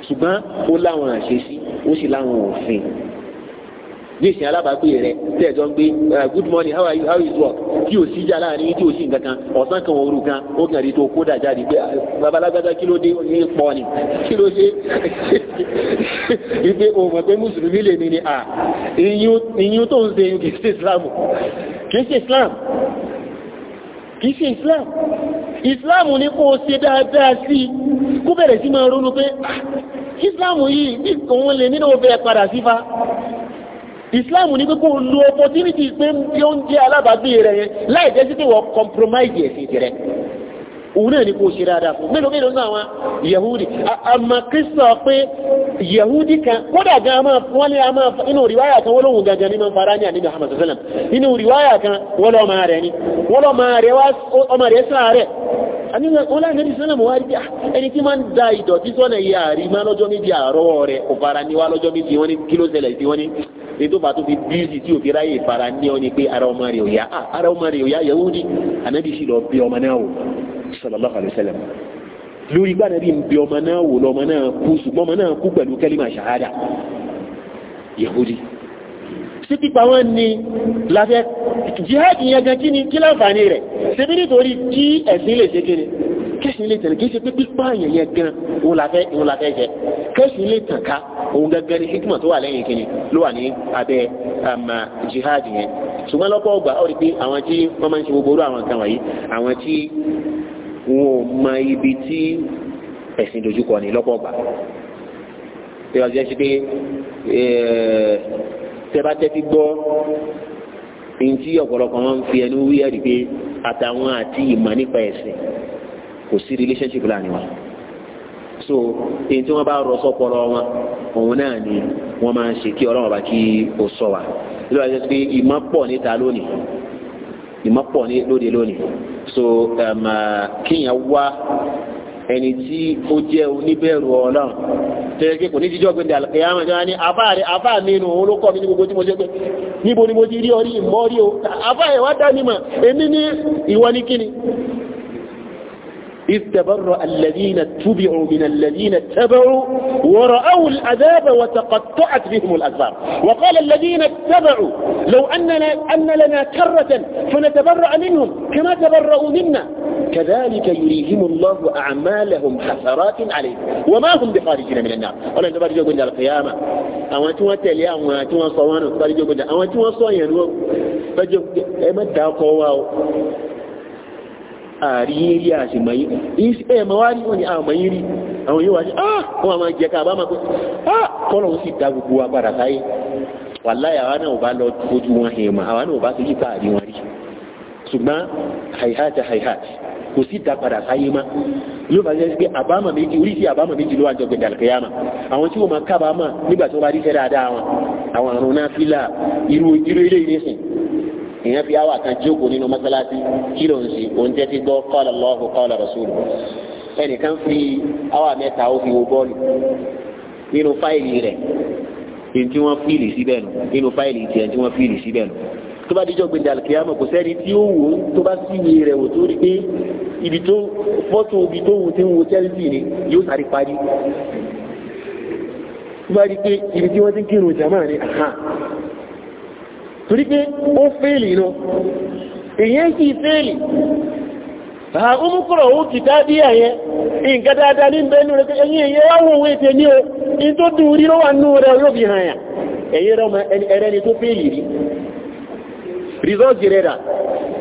ṣùgbọ́n ó láwọn àṣeṣí ó sì láwọn òfin bí ìsìn alábàápè rẹ tẹ̀jọ́ ń gbé good morning how are you how is work tí ò sí jà láàrin tí ò sí nǹkan kan ọ̀sán kan òru kan ó kàn rí tó kódà jáde pé babalágbádá kí ló dé ní pọ̀ ni kí ló dé ìgbé òmò pé mùsùlùmí lè ní ni à ìyún tó ń ṣe kì ṣe islam kì ṣe islam kìí ṣe islam islam ní kó ṣe dáadáa sí kó bẹ̀rẹ̀ sí máa ronú pé ah, islam yìí ní òun lè nínú ọbẹ̀ padà sífa islam ní pípò lo opportunity pé ó ń jẹ́ alábàágbé rẹ̀ yẹn láì sí pé wọ́n compromise ẹ̀sìn rẹ̀ òun náà ni kò ṣe dáadáa fún mélòó mélòó náà wọn yahudi àmà kírísítọ̀ pé yahudi kan kódà gan a máa wọ́n lé a máa inú ríwáyà kan wọ́lọ́hùn gangan ní máa fara ní àníbi Muhammad sallam inú ríwáyà kan wọ́lọ́ ọmọ rẹ̀ ni wọ́lọ́ ọmọ rẹ̀ sáà rẹ̀ ọlọ́rin ìsìnlẹ̀mù wá rí ah, ẹni tí máa ń da ìdọ̀tí sọ́nà ìyá àrí máa lọ́jọ́ méjì àárọ̀ rẹ̀ kò fara ní wá lọ́jọ́ méjì wọ́n ní kí ló ṣẹlẹ̀ sí wọ́n ní ètò sallallahu alayhi wa sallam lórí gbàdá bí n bí ọmọ náà wò lọ́mọ náà kú ṣùgbọ́n ọmọ náà kú pẹ̀lú kẹ́límà ṣàhádà yahudi sí pípa wọn ni láfẹ́ jihad yẹn gan kí ni kí láǹfààní rẹ̀ ṣebí nítorí kí ẹ̀sìn lè ṣe kéré kẹ́sìn lè tẹ̀lé kìí ṣe pé pípa yẹn yẹn gan òun láfẹ́ òun láfẹ́ jẹ kẹ́sìn lè tàn ká òun gangan ni hikima tó wà lẹ́yìn kí ló wà ní abẹ́ um, jihad yẹn ṣùgbọ́n lọ́pọ̀ ọgbà ó pé àwọn tí wọ́n máa ń ṣe gbogbo orú àwọn kan wọ̀nyí àwọn tí wọn ò mọ ibi tí ẹ̀sìn dojúkọ ní lọ́pọ̀ gbà tí wọ́n ti ṣe pé tẹ́bá tẹ́tí gbọ́ ntí ọ̀pọ̀lọpọ̀ wọn fi ẹnu wí ẹ̀rí pé àtàwọn àti ìmọ̀ nípa ẹ̀sìn kò sí relationship láàrin wa so èyí tí wọ́n bá rọ sọ́pọ̀lọ wọn òun náà ni wọ́n máa ń ṣe kí ọlọ́run bá kí ó sọ wa lórí ẹ̀sìn pé ìmọ̀ pọ̀ níta lónìí ìmọ̀ pọ̀ lóde lónìí so um, uh, kéèyàn wá ẹni tí ó jẹ́ oníbẹ̀rù ọlọ́run tẹ́lẹ̀ pé kò ní jíjọ́ gbẹ̀dẹ̀ àlùkẹ́yàmọ̀ jẹ́ ní àbá mi nù mi ní gbogbo tí mo ṣe pé níbo ni mo ti rí ọ rí ìmọ̀ rí o àbá wá dá èmi ní ìwọ ní kíni إذ تبرأ الذين اتبعوا من الذين اتبعوا ورأوا العذاب وتقطعت بهم الأسباب وقال الذين اتبعوا لو أننا أن لنا كرة فنتبرأ منهم كما تبرأوا منا كذلك يريهم الله أعمالهم حسرات عليهم وما هم بخارجين من النار ولا تبرجوا قلنا القيامة أو أنتوا تليا أو أنتوا صوانا تبرجوا قلنا أو أنتوا صوانا فجوا ما تدعوا àríyìn rí àṣìmọ̀ yìí ẹ̀mọ̀ wá rí òní àmọ̀ yìí rí àwọn yóò wá ah! sí àwọn àmọ̀ jẹ́ka ah! àbámọ̀ pé kọ́lọ̀ ó sì dá gbogbo wa padà sáyé wàláyà àwa náà ò bá lọ ojú wọn hẹ̀ mọ́ àwa náà ò bá sí yípa àrí wọn rí ṣùgbọ́n àìhájà àìhájà kò sí dá padà sáyé mọ́ yóò bá jẹ́ pé àbámọ̀ méjì oríṣi àbámọ̀ méjì ló wà jọ gbẹ̀dẹ̀ àlùkẹ́yàmọ̀ àwọn tí wọ́n máa kábàámọ̀ nígbà tí wọ́n bá rí fẹ́ dáadáa wọn àwọn àrùn náà èèyàn fi àwa kan jókòó nínú mọ́sálásí kí ló ń ṣe òun tẹ́tí gbọ́ qala Allahu qala Rasul ẹnìkan fi àwa mẹ́ta ó fi wo bọ́ọ̀lù nínú fáìlì rẹ̀ èyí tí wọ́n fìlì síbẹ̀ nù nínú fáìlì tiẹ̀ tí wọ́n fìlì síbẹ̀ nù tó bá dijọ́ gbẹ̀dẹ̀ alikiyama kò sẹ́ni tí ó wò ó tó bá sí iye rẹ̀ wò tó rí pé ibi tó fọ́tò ibi tó wò tí ń wo Chelsea ni yóò sáré parí tó bá rí pé ibi tí wọ́n ti ń kírun jàmáà ni torí pé ó fèèlì lọ èyàn sì fèèlì àà ó mú kọ̀rọ̀ ó kìtá bí àyẹ nǹkan dáadáa ní bẹ́ẹ̀ lórí ẹ̀yìn èyẹ wọ́n òwe tẹ ní o in tó dùn rí lọ́wà nú rẹ̀ yóò fi hàn yà ẹ̀yẹ rọ́mọ ẹ̀rẹ́ ni tó fèèlì rí rìsọ́ọ̀tì rẹ̀ rà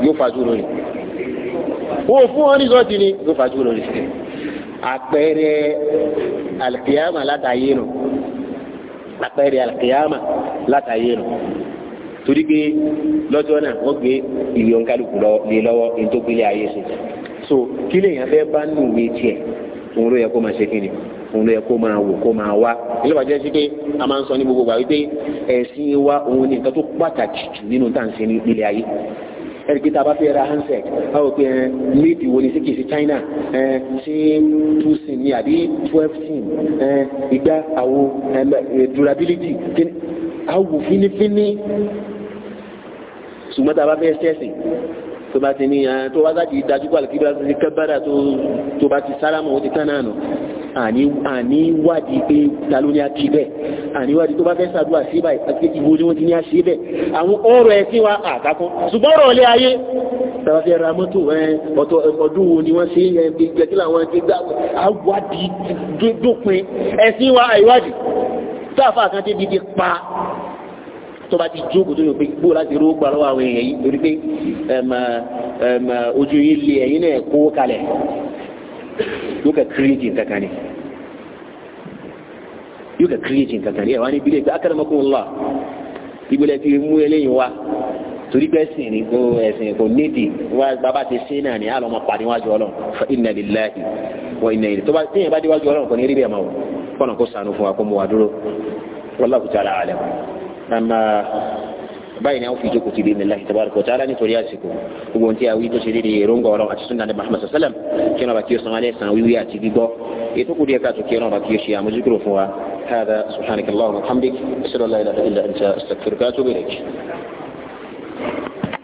yóò fàájú lórí wọ́n fún wọn rìsọ́ọ̀tì ni yóò fàájú lórí àpẹẹrẹ alkiyama látàyé nù àpẹẹrẹ alkiyama látàyé nù torí pé lọ́jọ́ náà wọ́n gbé ìlú kálukú lé lọ́wọ́ ní tó gbélé ayé ṣe so kí lèèyàn fẹ́ bá nù wé tiẹ̀ òun ló yẹ kó máa ṣe kí ni òun ló yẹ kó máa wò kó máa wá ilé ìbàjẹ́ sí pé a máa ń sọ ní gbogbo ìgbà wípé ẹ̀sìn wa òun ni nǹkan tó pàtàkì jù nínú tá à ń ṣe ní ilé ayé ẹ̀rìkì tá a bá fẹ́ ra handset a ò pe ẹ méjì wo ni sí kì í sí China ẹ ṣé two sim ni àbí twelve sim ẹ ìgbà àwo durability awo fínífíní ṣùgbọ́n tá a bá fẹ́ ṣẹ́sìn tó bá ti ní ẹ tó wá sáàtì dájú pàlù kí bá ti kẹ́bàdà tó bá ti sálámù ó ti tán náà nù àní wádìí pé ta ló ní a ti bẹ́ẹ̀ àní wádìí tó bá fẹ́ ṣàdúrà sí báyìí àti ìbò ni wọ́n ti ní a ṣe bẹ́ẹ̀ àwọn ọ̀rọ̀ ẹ̀ sí wa àkàkọ́ ṣùgbọ́n ọ̀rọ̀ ilé ayé tàbá fẹ́ ra mọ́tò ọdún wo ni wọ́n ṣe é jẹ́ kí làwọn ti gbà àwádìí dópin ẹ̀sìn wa àìwádìí tó bá ti jókòó tó yọ pé gbó láti ró gbà lọ́wọ́ àwọn èèyàn yìí torí pé ojú yìí lé ẹ̀yin náà kó kalẹ̀ yóò kẹ́ kírìtì kankan ni yóò kẹ́ kírìtì kankan ni ẹ̀ wá ní bílẹ̀ pé akaramakumullah ìgbélé ti mú eléyìí wá torí pé ẹ̀sìn ni kò ẹ̀sìn kò nídi wá bàbá ti ṣe náà ni àlọ́ ọmọ pàdé wájú ọlọ́run fa inna lillahi wa inna ilayhi tó bá téèyàn bá dé wájú ọlọ́run kò ní rí bẹ́ẹ̀ máa wò fọ́nà kó sànù fún wa kó mú wa dúró wallahu ta'ala alam. أما بين أو في جوكو تبين الله تبارك وتعالى نتولياسكو وانتي أويتو سيديني رونغو ورونغ أتسنة محمد صلى الله عليه وسلم كينا باكيو سماليه سنويو ياتي بيبو إتو قولي أكاتو كينا باكيو شيئا مزيكرو فوا هذا سبحانك الله وبحمدك أسأل الله إلا أنت استغفرك أتوب إليك